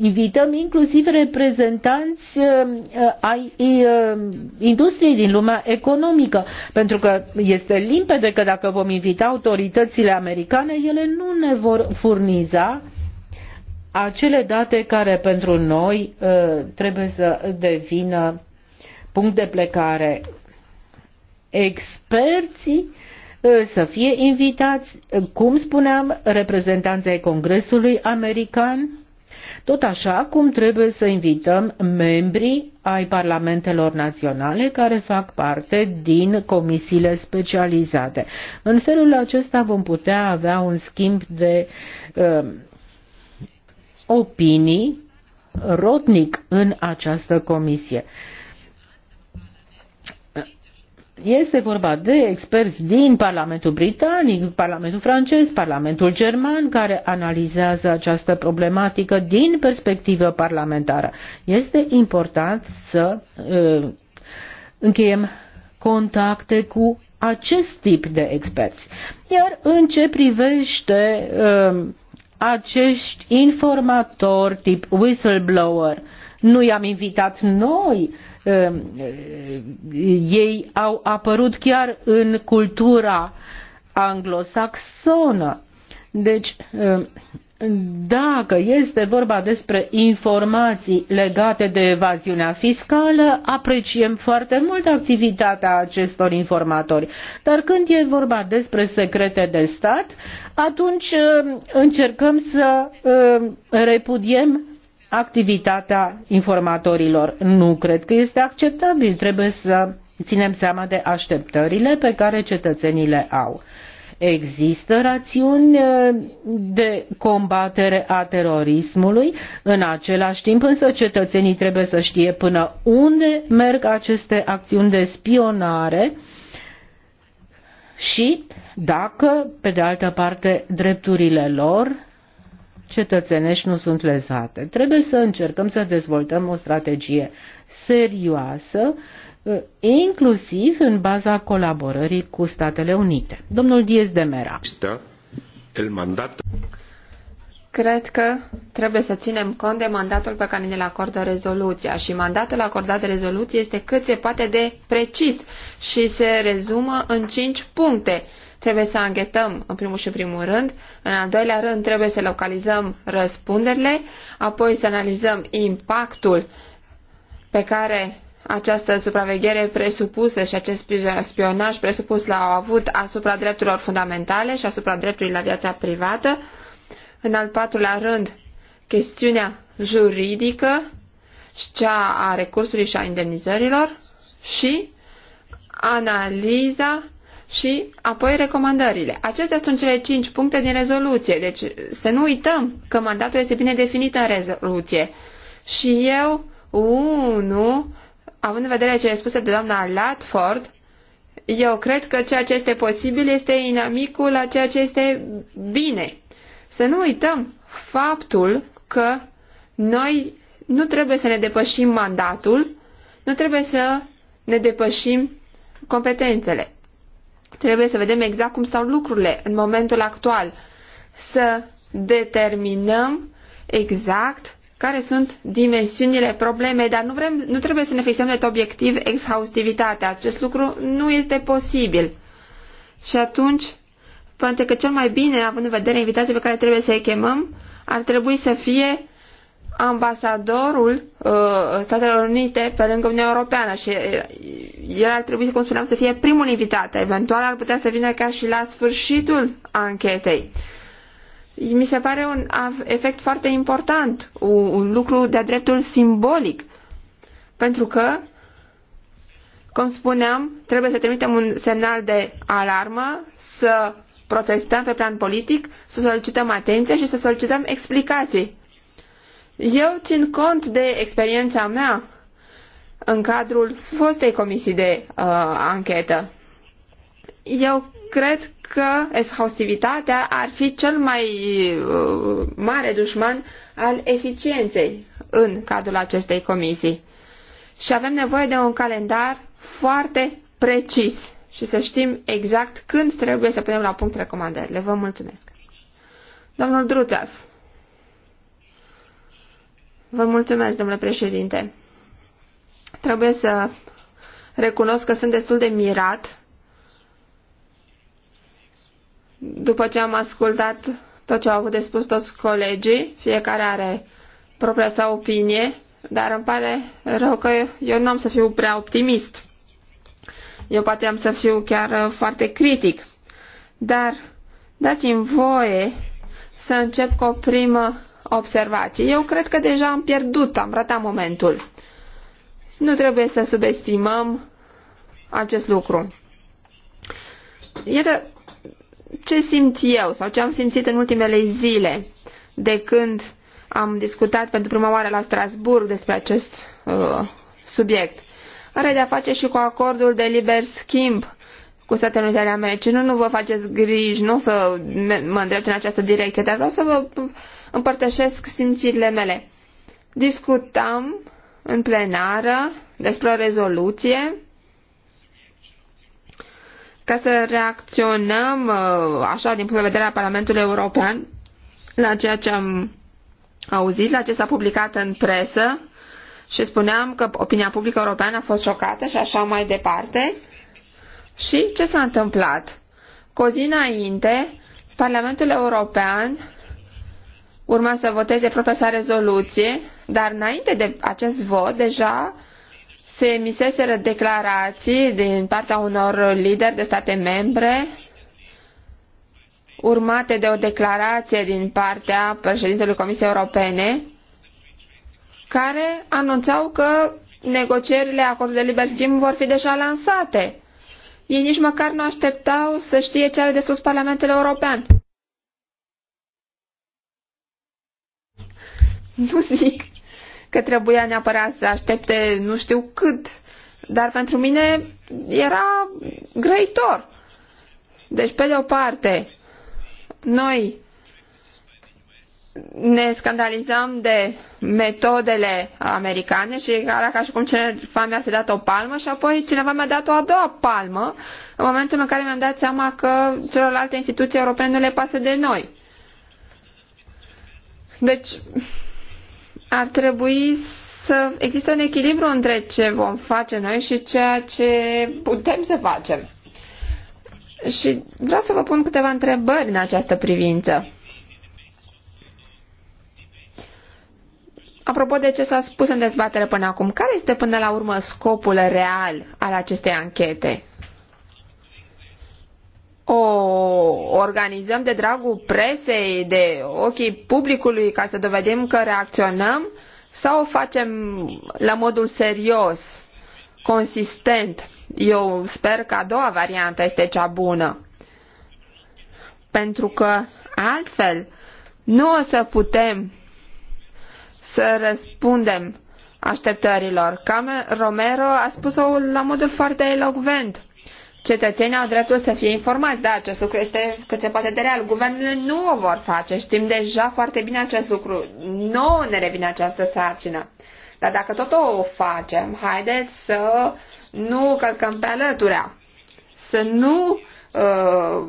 invităm inclusiv reprezentanți uh, uh, ai uh, industriei din lumea economică, pentru că este limpede că dacă vom invita autoritățile americane, ele nu ne vor furniza acele date care pentru noi trebuie să devină punct de plecare. Experții să fie invitați, cum spuneam, reprezentanții ai Congresului American, tot așa cum trebuie să invităm membrii ai parlamentelor naționale care fac parte din comisiile specializate. În felul acesta vom putea avea un schimb de uh, opinii rotnic în această comisie. Uh, este vorba de experți din Parlamentul Britanic, Parlamentul francez, Parlamentul german, care analizează această problematică din perspectivă parlamentară. Este important să uh, încheiem contacte cu acest tip de experți. Iar în ce privește uh, acești informatori tip whistleblower, nu i-am invitat noi, uh, Ehm, ei au apărut chiar în cultura anglosaxonă. Deci, ehm, dacă este vorba despre informații legate de evaziunea fiscală, apreciem foarte mult activitatea acestor informatori. Dar când e vorba despre secrete de stat, atunci ehm, încercăm să repudiem activitatea informatorilor. Nu cred că este acceptabil. Trebuie să ținem seama de așteptările pe care cetățenii le au. Există rațiuni eh, de combatere a terorismului, în același timp însă cetățenii trebuie să știe până unde merg aceste acțiuni de spionare și dacă, pe de altă parte, drepturile lor cetățenești nu sunt lezate. Trebuie să încercăm să dezvoltăm o strategie serioasă, uh, inclusiv în baza colaborării cu Statele Unite. Domnul Diez de Mera. Cred că trebuie să ținem cont de mandatul pe care ne-l acordă rezoluția și mandatul acordat de rezoluție este cât se poate de precis și se rezumă în cinci puncte Trebuie să anghetăm în primul și primul rând, în al doilea rând trebuie să localizăm răspunderile, apoi să analizăm impactul pe care această supraveghere presupusă și acest spionaj presupus l-au avut asupra drepturilor fundamentale și asupra dreptului la viața privată. În al patrulea rând, chestiunea juridică și cea a recursului și a indemnizărilor și analiza și apoi recomandările. Acestea sunt cele cinci puncte din rezoluție, deci să nu uităm că mandatul este bine definit în rezoluție. Și eu, unu, având în vedere ce a spuse de doamna Latford, eu cred că ceea ce este posibil este inamicul a ceea ce este bine. Să nu uităm faptul că noi nu trebuie să ne depășim mandatul, nu trebuie să ne depășim competențele. Trebuie să vedem exact cum stau lucrurile în momentul actual, să determinăm exact care sunt dimensiunile problemei, dar nu, vrem, nu trebuie să ne fixăm de obiectiv exhaustivitatea. Acest lucru nu este posibil. Și atunci, poate că cel mai bine, având în vedere invitații pe care trebuie să-i chemăm, ar trebui să fie ambasadorul uh, Statelor Unite pe lângă Uniunea Europeană și uh, el ar trebui, cum spuneam, să fie primul invitat. Eventual ar putea să vină ca și la sfârșitul anchetei. Mi se pare un efect foarte important, un lucru de-a dreptul simbolic. Pentru că, cum spuneam, trebuie să trimitem un semnal de alarmă, să protestăm pe plan politic, să solicităm atenție și să solicităm explicații. Eu țin cont de experiența mea în cadrul fostei comisii de uh, anchetă. Eu cred că exhaustivitatea ar fi cel mai uh, mare dușman al eficienței în cadrul acestei comisii. Și avem nevoie de un calendar foarte precis și să știm exact când trebuie să punem la punct recomandările. Vă mulțumesc. Domnul Druțas. Vă mulțumesc, domnule președinte. Trebuie să recunosc că sunt destul de mirat după ce am ascultat tot ce au avut de spus toți colegii, fiecare are propria sa opinie, dar îmi pare rău că eu nu am să fiu prea optimist. Eu poate am să fiu chiar uh, foarte critic. Dar dați-mi voie să încep cu o primă observație. Eu cred că deja am pierdut, am ratat momentul. Nu trebuie să subestimăm acest lucru. Iată ce simt eu sau ce am simțit în ultimele zile de când am discutat pentru prima oară la Strasburg despre acest uh, subiect. Are de-a face și cu acordul de liber schimb cu Statele Unite ale Americii. Nu, nu vă faceți griji, nu o să mă îndrept în această direcție, dar vreau să vă împărtășesc simțirile mele. Discutam în plenară despre o rezoluție ca să reacționăm uh, așa din punct de vedere al Parlamentului European la ceea ce am auzit, la ce s-a publicat în presă și spuneam că opinia publică europeană a fost șocată și așa mai departe. Și ce s-a întâmplat? Cu zi înainte, Parlamentul European urma să voteze propria sa rezoluție dar înainte de acest vot, deja se emiseseră declarații din partea unor lideri de state membre, urmate de o declarație din partea președintelui Comisiei Europene, care anunțau că negocierile acordului de liber schimb vor fi deja lansate. Ei nici măcar nu așteptau să știe ce are de spus Parlamentul European. Nu zic că trebuia neapărat să aștepte nu știu cât, dar pentru mine era grăitor. Deci, pe de o parte, noi ne scandalizăm de metodele americane și era ca și cum cineva mi-ar fi dat o palmă și apoi cineva mi-a dat o a doua palmă în momentul în care mi-am dat seama că celorlalte instituții europene nu le pasă de noi. Deci, ar trebui să existe un echilibru între ce vom face noi și ceea ce putem să facem. Și vreau să vă pun câteva întrebări în această privință. Apropo de ce s-a spus în dezbatere până acum, care este până la urmă scopul real al acestei anchete? o organizăm de dragul presei, de ochii publicului ca să dovedim că reacționăm sau o facem la modul serios, consistent. Eu sper că a doua variantă este cea bună. Pentru că altfel nu o să putem să răspundem așteptărilor. Cam Romero a spus-o la modul foarte elocvent. Cetățenii au dreptul să fie informați, da, acest lucru este cât se poate de real. Guvernele nu o vor face, știm deja foarte bine acest lucru. Nu ne revine această sarcină. Dar dacă tot o facem, haideți să nu călcăm pe alăturea, să nu uh,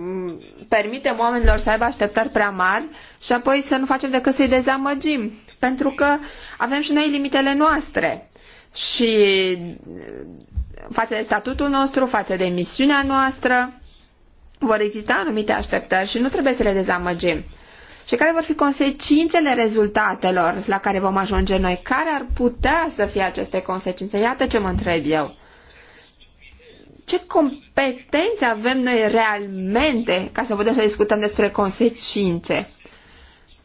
permitem oamenilor să aibă așteptări prea mari și apoi să nu facem decât să-i dezamăgim. Pentru că avem și noi limitele noastre și uh, față de statutul nostru, față de misiunea noastră, vor exista anumite așteptări și nu trebuie să le dezamăgim. Și care vor fi consecințele rezultatelor la care vom ajunge noi? Care ar putea să fie aceste consecințe? Iată ce mă întreb eu. Ce competențe avem noi realmente ca să putem să discutăm despre consecințe?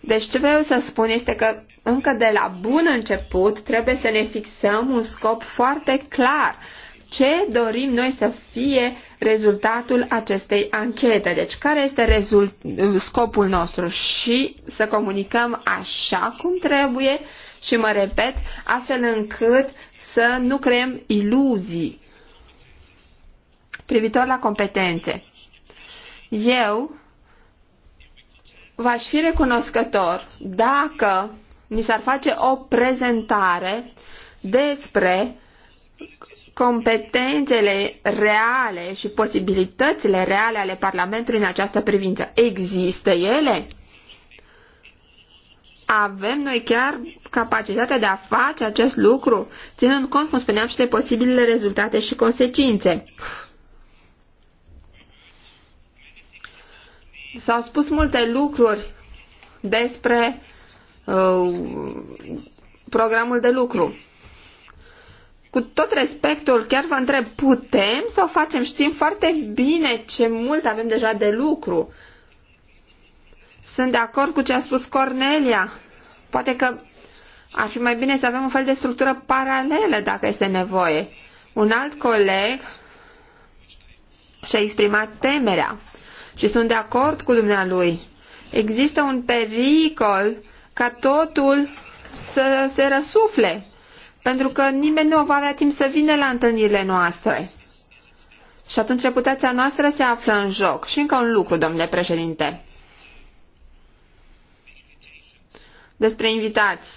Deci ce vreau să spun este că încă de la bun început trebuie să ne fixăm un scop foarte clar. Ce dorim noi să fie rezultatul acestei anchete? Deci care este scopul nostru? Și să comunicăm așa cum trebuie și mă repet, astfel încât să nu creăm iluzii privitor la competențe. Eu v-aș fi recunoscător dacă ni s-ar face o prezentare despre competențele reale și posibilitățile reale ale Parlamentului în această privință. Există ele? Avem noi chiar capacitatea de a face acest lucru, ținând cont, cum spuneam, și de posibilele rezultate și consecințe. S-au spus multe lucruri despre Uh, programul de lucru. Cu tot respectul, chiar vă întreb, putem sau facem? Știm foarte bine ce mult avem deja de lucru. Sunt de acord cu ce a spus Cornelia. Poate că ar fi mai bine să avem un fel de structură paralelă dacă este nevoie. Un alt coleg și-a exprimat temerea și sunt de acord cu dumnealui. Există un pericol ca totul să se răsufle, pentru că nimeni nu va avea timp să vină la întâlnirile noastre. Și atunci reputația noastră se află în joc. Și încă un lucru, domnule președinte. Despre invitați.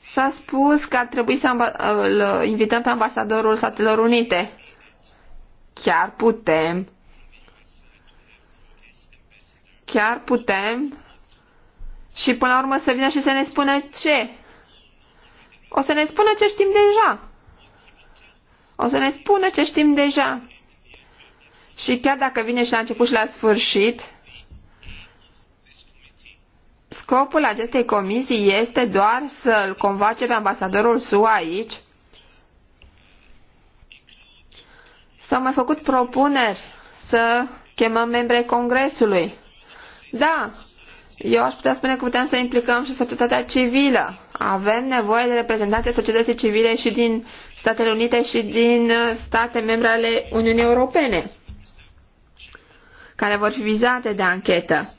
S-a spus că ar trebui să îl invităm pe ambasadorul Statelor Unite. Chiar putem chiar putem și până la urmă să vină și să ne spună ce. O să ne spună ce știm deja. O să ne spună ce știm deja. Și chiar dacă vine și la început și la sfârșit, scopul acestei comisii este doar să-l convoace pe ambasadorul SUA aici. S-au mai făcut propuneri să chemăm membrii Congresului. Da, eu aș putea spune că putem să implicăm și societatea civilă. Avem nevoie de reprezentanții societății civile și din Statele Unite și din uh, state membre ale Uniunii Europene care vor fi vizate de anchetă.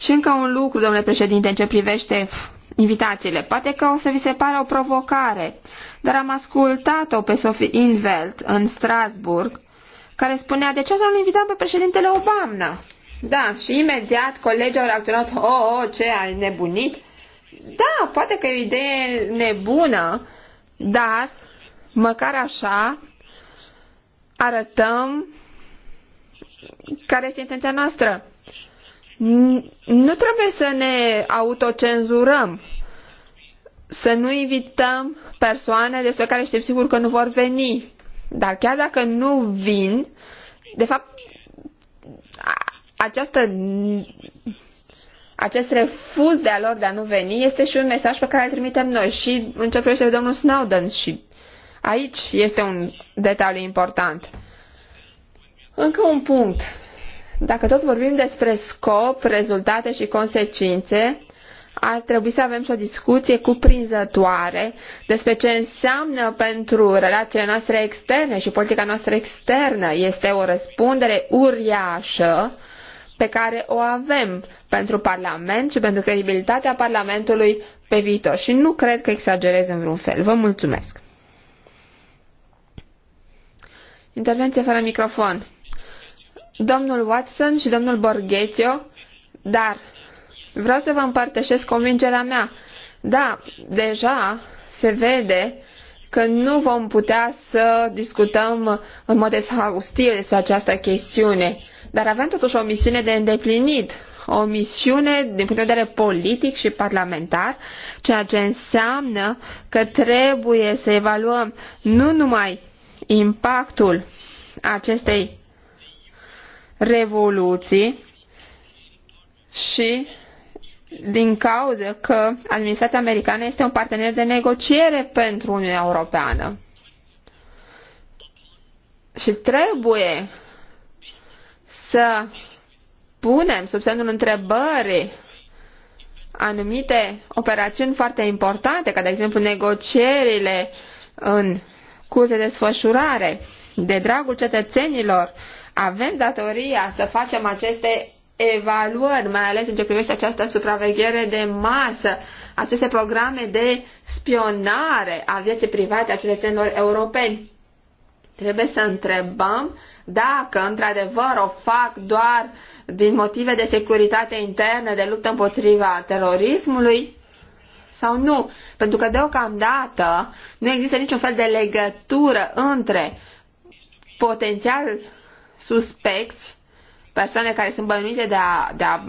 Și încă un lucru, domnule președinte, în ce privește invitațiile. Poate că o să vi se pare o provocare, dar am ascultat-o pe Sophie Invelt în Strasburg, care spunea de ce să nu invităm pe președintele Obama? Da, și imediat colegii au reacționat, o, oh, oh, ce, ai nebunit? Da, poate că e o idee nebună, dar măcar așa arătăm care este intenția noastră. Nu trebuie să ne autocenzurăm, să nu invităm persoane despre care știm sigur că nu vor veni. Dar chiar dacă nu vin, de fapt această, acest refuz de a lor de a nu veni este și un mesaj pe care îl trimitem noi și în ce privește domnul Snowden și aici este un detaliu important. Încă un punct. Dacă tot vorbim despre scop, rezultate și consecințe, ar trebui să avem și o discuție cuprinzătoare despre ce înseamnă pentru relațiile noastre externe și politica noastră externă. Este o răspundere uriașă pe care o avem pentru Parlament și pentru credibilitatea Parlamentului pe viitor. Și nu cred că exagerez în vreun fel. Vă mulțumesc. Intervenție fără microfon. Domnul Watson și domnul Borghețio, dar vreau să vă împărtășesc convingerea mea. Da, deja se vede că nu vom putea să discutăm în mod exhaustiv despre această chestiune dar avem totuși o misiune de îndeplinit, o misiune din punct de vedere politic și parlamentar, ceea ce înseamnă că trebuie să evaluăm nu numai impactul acestei revoluții și din cauză că administrația americană este un partener de negociere pentru Uniunea Europeană. Și trebuie să punem sub semnul întrebării anumite operațiuni foarte importante, ca de exemplu negocierile în curs de desfășurare, de dragul cetățenilor, avem datoria să facem aceste evaluări, mai ales în ce privește această supraveghere de masă, aceste programe de spionare a vieții private a cetățenilor europeni. Trebuie să întrebăm dacă, într-adevăr, o fac doar din motive de securitate internă, de luptă împotriva terorismului sau nu. Pentru că, deocamdată, nu există niciun fel de legătură între potențial suspecți, persoane care sunt bănuite de a, de a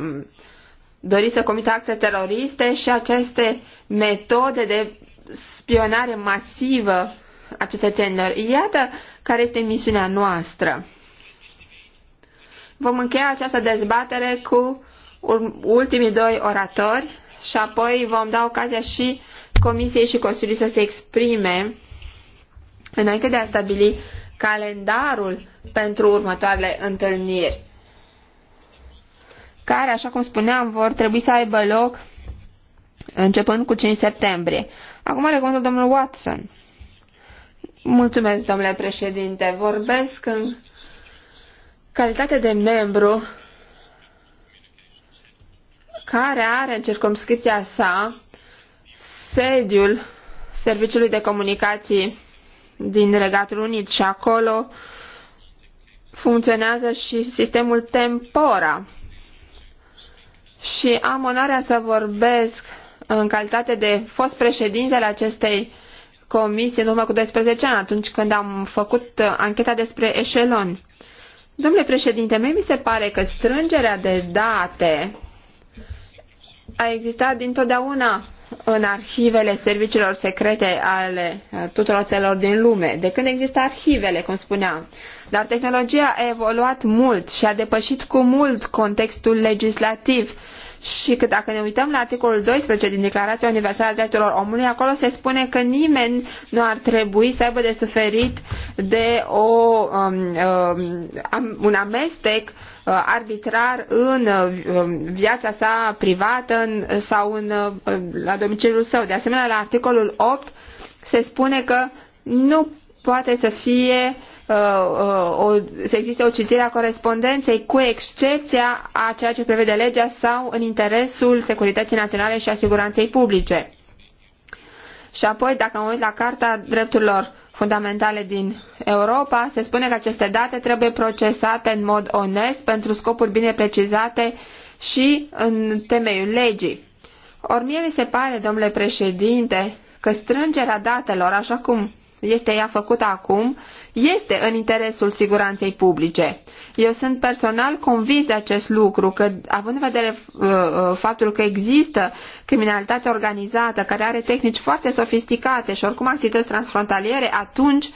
dori să comită acte teroriste și aceste metode de spionare masivă a cetățenilor. Iată care este misiunea noastră. Vom încheia această dezbatere cu ultimii doi oratori și apoi vom da ocazia și Comisiei și Consiliului să se exprime înainte de a stabili calendarul pentru următoarele întâlniri, care, așa cum spuneam, vor trebui să aibă loc începând cu 5 septembrie. Acum recomandă domnul Watson. Mulțumesc, domnule președinte. Vorbesc în calitate de membru care are în circumscripția sa sediul Serviciului de Comunicații din Regatul Unit și acolo funcționează și sistemul Tempora. Și am onoarea să vorbesc în calitate de fost președinte al acestei comisie în urmă cu 12 ani, atunci când am făcut uh, ancheta despre eșelon. Domnule președinte, mie mi se pare că strângerea de date a existat dintotdeauna în arhivele serviciilor secrete ale uh, tuturor țelor din lume, de când există arhivele, cum spuneam. Dar tehnologia a evoluat mult și a depășit cu mult contextul legislativ și că dacă ne uităm la articolul 12 din Declarația Universală a Drepturilor Omului, acolo se spune că nimeni nu ar trebui să aibă de suferit de o, um, um, un amestec uh, arbitrar în um, viața sa privată în, sau în, uh, la domiciliul său. De asemenea, la articolul 8 se spune că nu poate să fie uh, Uh, uh, o, să existe o citire a corespondenței cu excepția a ceea ce prevede legea sau în interesul securității naționale și a siguranței publice. Și apoi, dacă mă uit la Carta Drepturilor Fundamentale din Europa, se spune că aceste date trebuie procesate în mod onest pentru scopuri bine precizate și în temeiul legii. Ori mie mi se pare, domnule președinte, că strângerea datelor, așa cum este ea făcută acum, este în interesul siguranței publice. Eu sunt personal convins de acest lucru, că având în vedere uh, uh, faptul că există criminalitate organizată care are tehnici foarte sofisticate și oricum activități transfrontaliere, atunci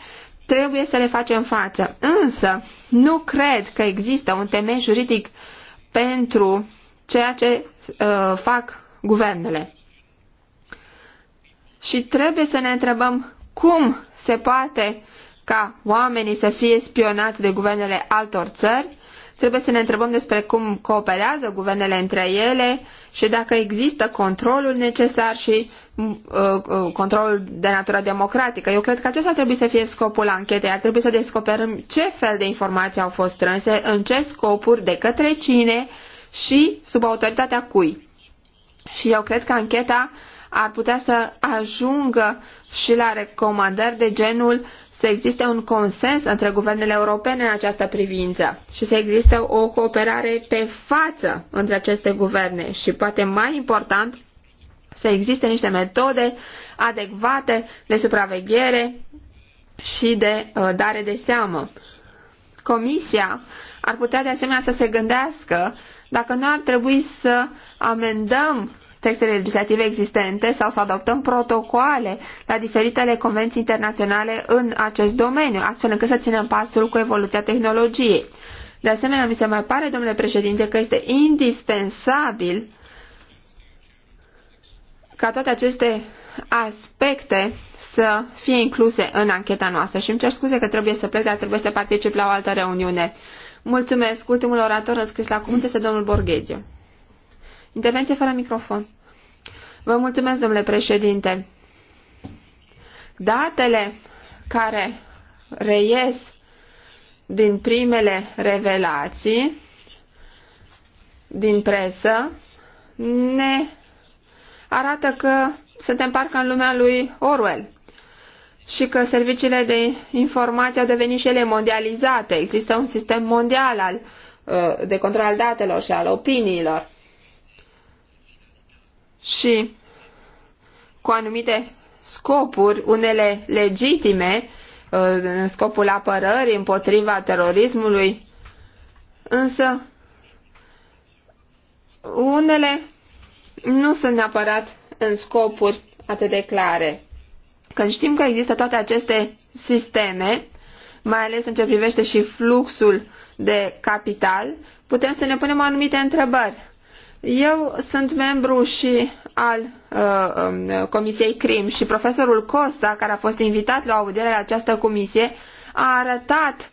trebuie să le facem față. Însă, nu cred că există un temei juridic pentru ceea ce uh, fac guvernele. Și trebuie să ne întrebăm cum se poate uh, ca oamenii să fie spionați de guvernele altor țări, trebuie să ne întrebăm despre cum cooperează guvernele între ele și dacă există controlul necesar și mm, uh, uh, controlul de natură democratică. Eu cred că acesta trebuie să fie scopul anchetei. Ar trebui să descoperim ce fel de informații au fost strânse, în ce scopuri, de către cine și sub autoritatea cui. Și eu cred că ancheta ar putea să ajungă și la recomandări de genul să existe un consens între guvernele europene în această privință și să existe o cooperare pe față între aceste guverne și, poate mai important, să existe niște metode adecvate de supraveghere și de uh, dare de seamă. Comisia ar putea de asemenea să se gândească dacă nu ar trebui să amendăm textele legislative existente sau să adoptăm protocoale la diferitele convenții internaționale în acest domeniu, astfel încât să ținem pasul cu evoluția tehnologiei. De asemenea, mi se mai pare, domnule președinte, că este indispensabil ca toate aceste aspecte să fie incluse în ancheta noastră și îmi cer scuze că trebuie să plec, dar trebuie să particip la o altă reuniune. Mulțumesc. Ultimul orator înscris la cuvânt este domnul Borghezio. Intervenție fără microfon. Vă mulțumesc, domnule președinte. Datele care reies din primele revelații din presă ne arată că suntem parcă în lumea lui Orwell și că serviciile de informație au devenit și ele mondializate. Există un sistem mondial al, uh, de control al datelor și al opiniilor și cu anumite scopuri, unele legitime, uh, în scopul apărării împotriva terorismului, însă unele nu sunt neapărat în scopuri atât de clare. Când știm că există toate aceste sisteme, mai ales în ce privește și fluxul de capital, putem să ne punem anumite întrebări. Eu sunt membru și al uh, um, Comisiei CRIM și profesorul Costa, care a fost invitat la audierea la această comisie, a arătat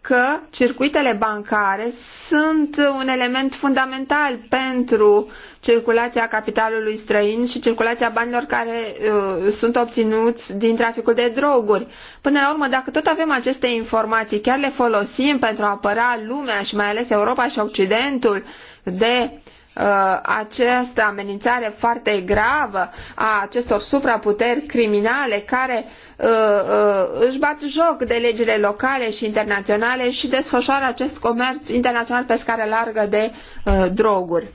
că circuitele bancare sunt un element fundamental pentru circulația capitalului străin și circulația banilor care uh, sunt obținuți din traficul de droguri. Până la urmă, dacă tot avem aceste informații, chiar le folosim pentru a apăra lumea și mai ales Europa și Occidentul de Uh, această amenințare foarte gravă a acestor supraputeri criminale care uh, uh, își bat joc de legile locale și internaționale și desfășoară acest comerț internațional pe scară largă de uh, droguri.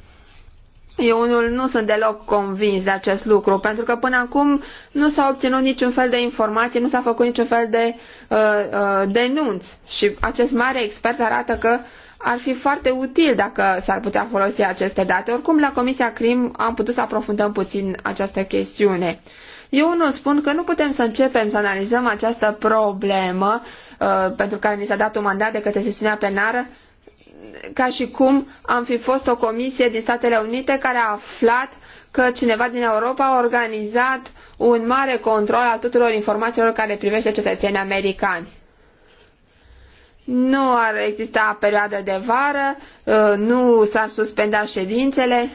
Eu unul nu sunt deloc convins de acest lucru, pentru că până acum nu s-a obținut niciun fel de informație, nu s-a făcut niciun fel de uh, uh, denunț. Și acest mare expert arată că ar fi foarte util dacă s-ar putea folosi aceste date. Oricum, la Comisia CRIM am putut să aprofundăm puțin această chestiune. Eu nu spun că nu putem să începem să analizăm această problemă uh, pentru care ni s-a dat un mandat de către sesiunea plenară ca și cum am fi fost o comisie din Statele Unite care a aflat că cineva din Europa a organizat un mare control al tuturor informațiilor care privește cetățenii americani nu ar exista perioadă de vară, ă, nu s-ar suspenda ședințele,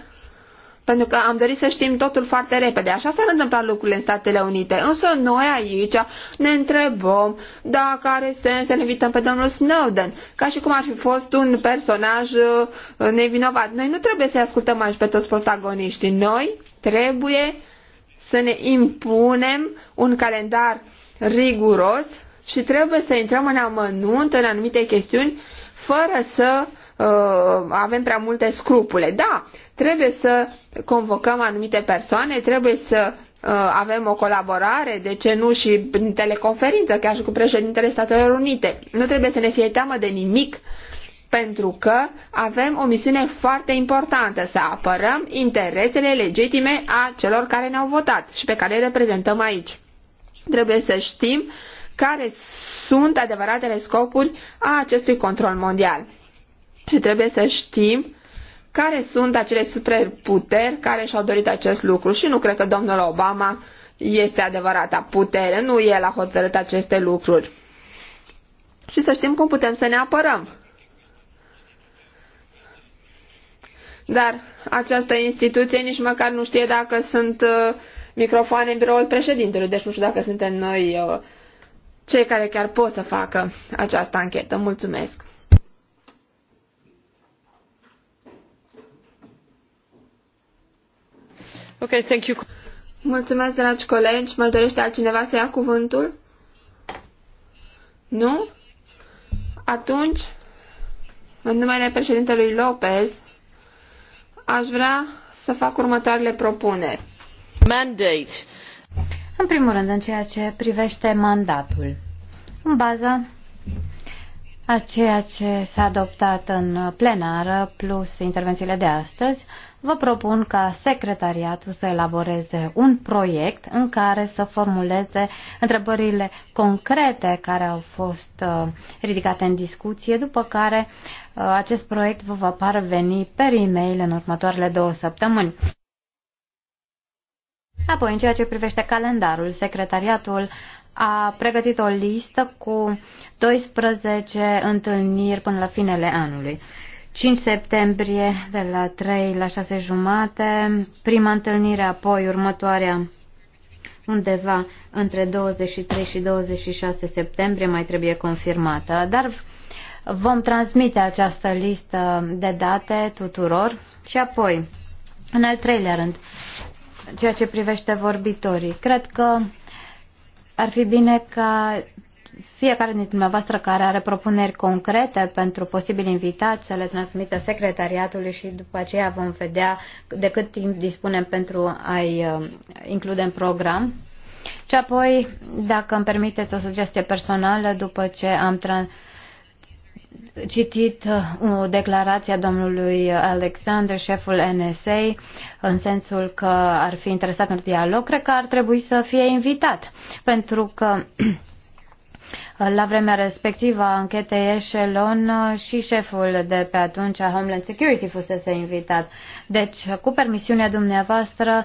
pentru că am dorit să știm totul foarte repede. Așa s-ar întâmpla lucrurile în Statele Unite. Însă noi aici ne întrebăm dacă are sens să ne invităm pe domnul Snowden, ca și cum ar fi fost un personaj ă, nevinovat. Noi nu trebuie să-i ascultăm aici pe toți protagoniștii. Noi trebuie să ne impunem un calendar riguros și trebuie să intrăm în amănunt în anumite chestiuni fără să uh, avem prea multe scrupule. Da, trebuie să convocăm anumite persoane, trebuie să uh, avem o colaborare, de ce nu și prin teleconferință, chiar și cu președintele Statelor Unite. Nu trebuie să ne fie teamă de nimic, pentru că avem o misiune foarte importantă, să apărăm interesele legitime a celor care ne-au votat și pe care le reprezentăm aici. Trebuie să știm uh, care sunt adevăratele scopuri a acestui control mondial. Și trebuie să știm care sunt acele superputeri care și-au dorit acest lucru. Și nu cred că domnul Obama este adevărata putere, nu el a hotărât aceste lucruri. Și să știm cum putem să ne apărăm. Dar această instituție nici măcar nu știe dacă sunt uh, microfoane în biroul președintelui, deci nu știu dacă suntem noi uh, cei care chiar pot să facă această anchetă. Mulțumesc! Ok, thank you. Mulțumesc, dragi colegi. Mai dorește altcineva să ia cuvântul? Nu? Atunci, în numele președintelui Lopez, aș vrea să fac următoarele propuneri. Mandate în primul rând, în ceea ce privește mandatul, în baza a ceea ce s-a adoptat în plenară plus intervențiile de astăzi, vă propun ca secretariatul să elaboreze un proiect în care să formuleze întrebările concrete care au fost uh, ridicate în discuție, după care uh, acest proiect vă va parveni pe e-mail în următoarele două săptămâni. Apoi, în ceea ce privește calendarul, secretariatul a pregătit o listă cu 12 întâlniri până la finele anului. 5 septembrie de la 3 la 6 jumate, prima întâlnire, apoi următoarea undeva între 23 și 26 septembrie mai trebuie confirmată, dar vom transmite această listă de date tuturor și apoi, în al treilea rând, ceea ce privește vorbitorii. Cred că ar fi bine ca fiecare dintre dumneavoastră care are propuneri concrete pentru posibil invitat să le transmită secretariatului și după aceea vom vedea de cât timp dispunem pentru a-i uh, include în program. Și apoi, dacă îmi permiteți o sugestie personală, după ce am transmis citit o uh, declarație a domnului Alexander, șeful NSA, în sensul că ar fi interesat un dialog, cred că ar trebui să fie invitat, pentru că la vremea respectivă a anchetei Echelon uh, și șeful de pe atunci a Homeland Security fusese invitat. Deci, cu permisiunea dumneavoastră,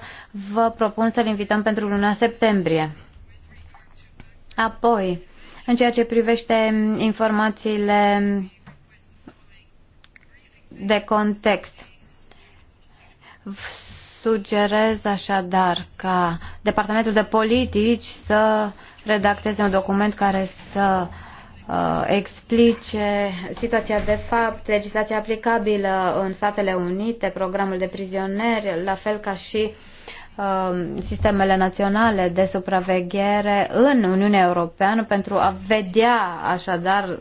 vă propun să-l invităm pentru luna septembrie. Apoi, în ceea ce privește informațiile de context, sugerez așadar ca Departamentul de Politici să redacteze un document care să uh, explice situația de fapt, legislația aplicabilă în Statele Unite, programul de prizonieri, la fel ca și uh, Um, sistemele naționale de supraveghere în Uniunea Europeană pentru a vedea așadar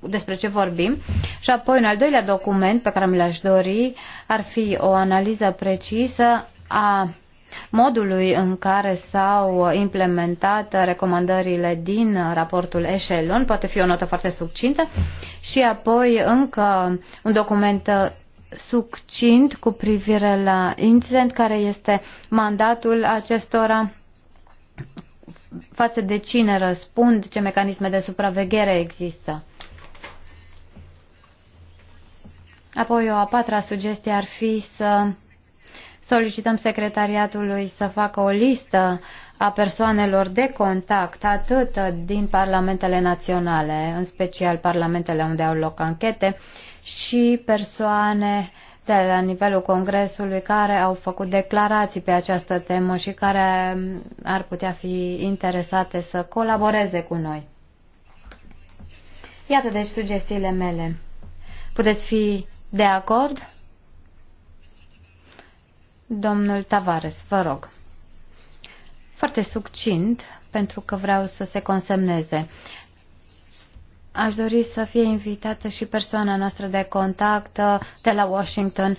despre ce vorbim. Și apoi, un al doilea document pe care mi l-aș dori ar fi o analiză precisă a modului în care s-au implementat recomandările din raportul Echelon, poate fi o notă foarte succintă, și apoi încă un document succint cu privire la incident, care este mandatul acestora, față de cine răspund, ce mecanisme de supraveghere există. Apoi o a patra sugestie ar fi să solicităm secretariatului să facă o listă a persoanelor de contact, atât din parlamentele naționale, în special parlamentele unde au loc anchete, și persoane de la nivelul Congresului care au făcut declarații pe această temă și care mm, ar putea fi interesate să colaboreze cu noi. Iată deci sugestiile mele. Puteți fi de acord? Domnul Tavares, vă rog. Foarte succint, pentru că vreau să se consemneze. Aș dori să fie invitată și persoana noastră de contact uh, de la Washington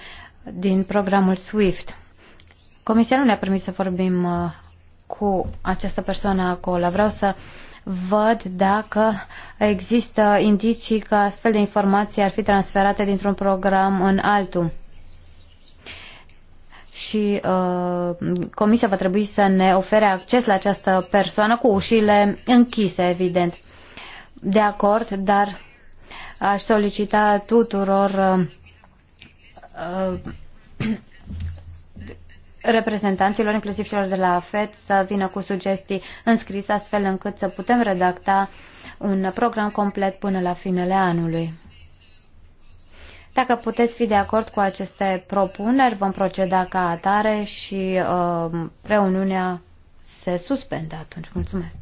din programul SWIFT. Comisia nu ne-a permis să vorbim uh, cu această persoană acolo. Vreau să văd dacă există indicii că astfel de informații ar fi transferate dintr-un program în altul. Și uh, comisia va trebui să ne ofere acces la această persoană cu ușile închise, evident de acord, dar aș solicita tuturor uh, uh, reprezentanților, inclusiv celor de la FED, să vină cu sugestii înscrise, astfel încât să putem redacta un program complet până la finele anului. Dacă puteți fi de acord cu aceste propuneri, vom proceda ca atare și uh, reuniunea se suspendă atunci. Mulțumesc!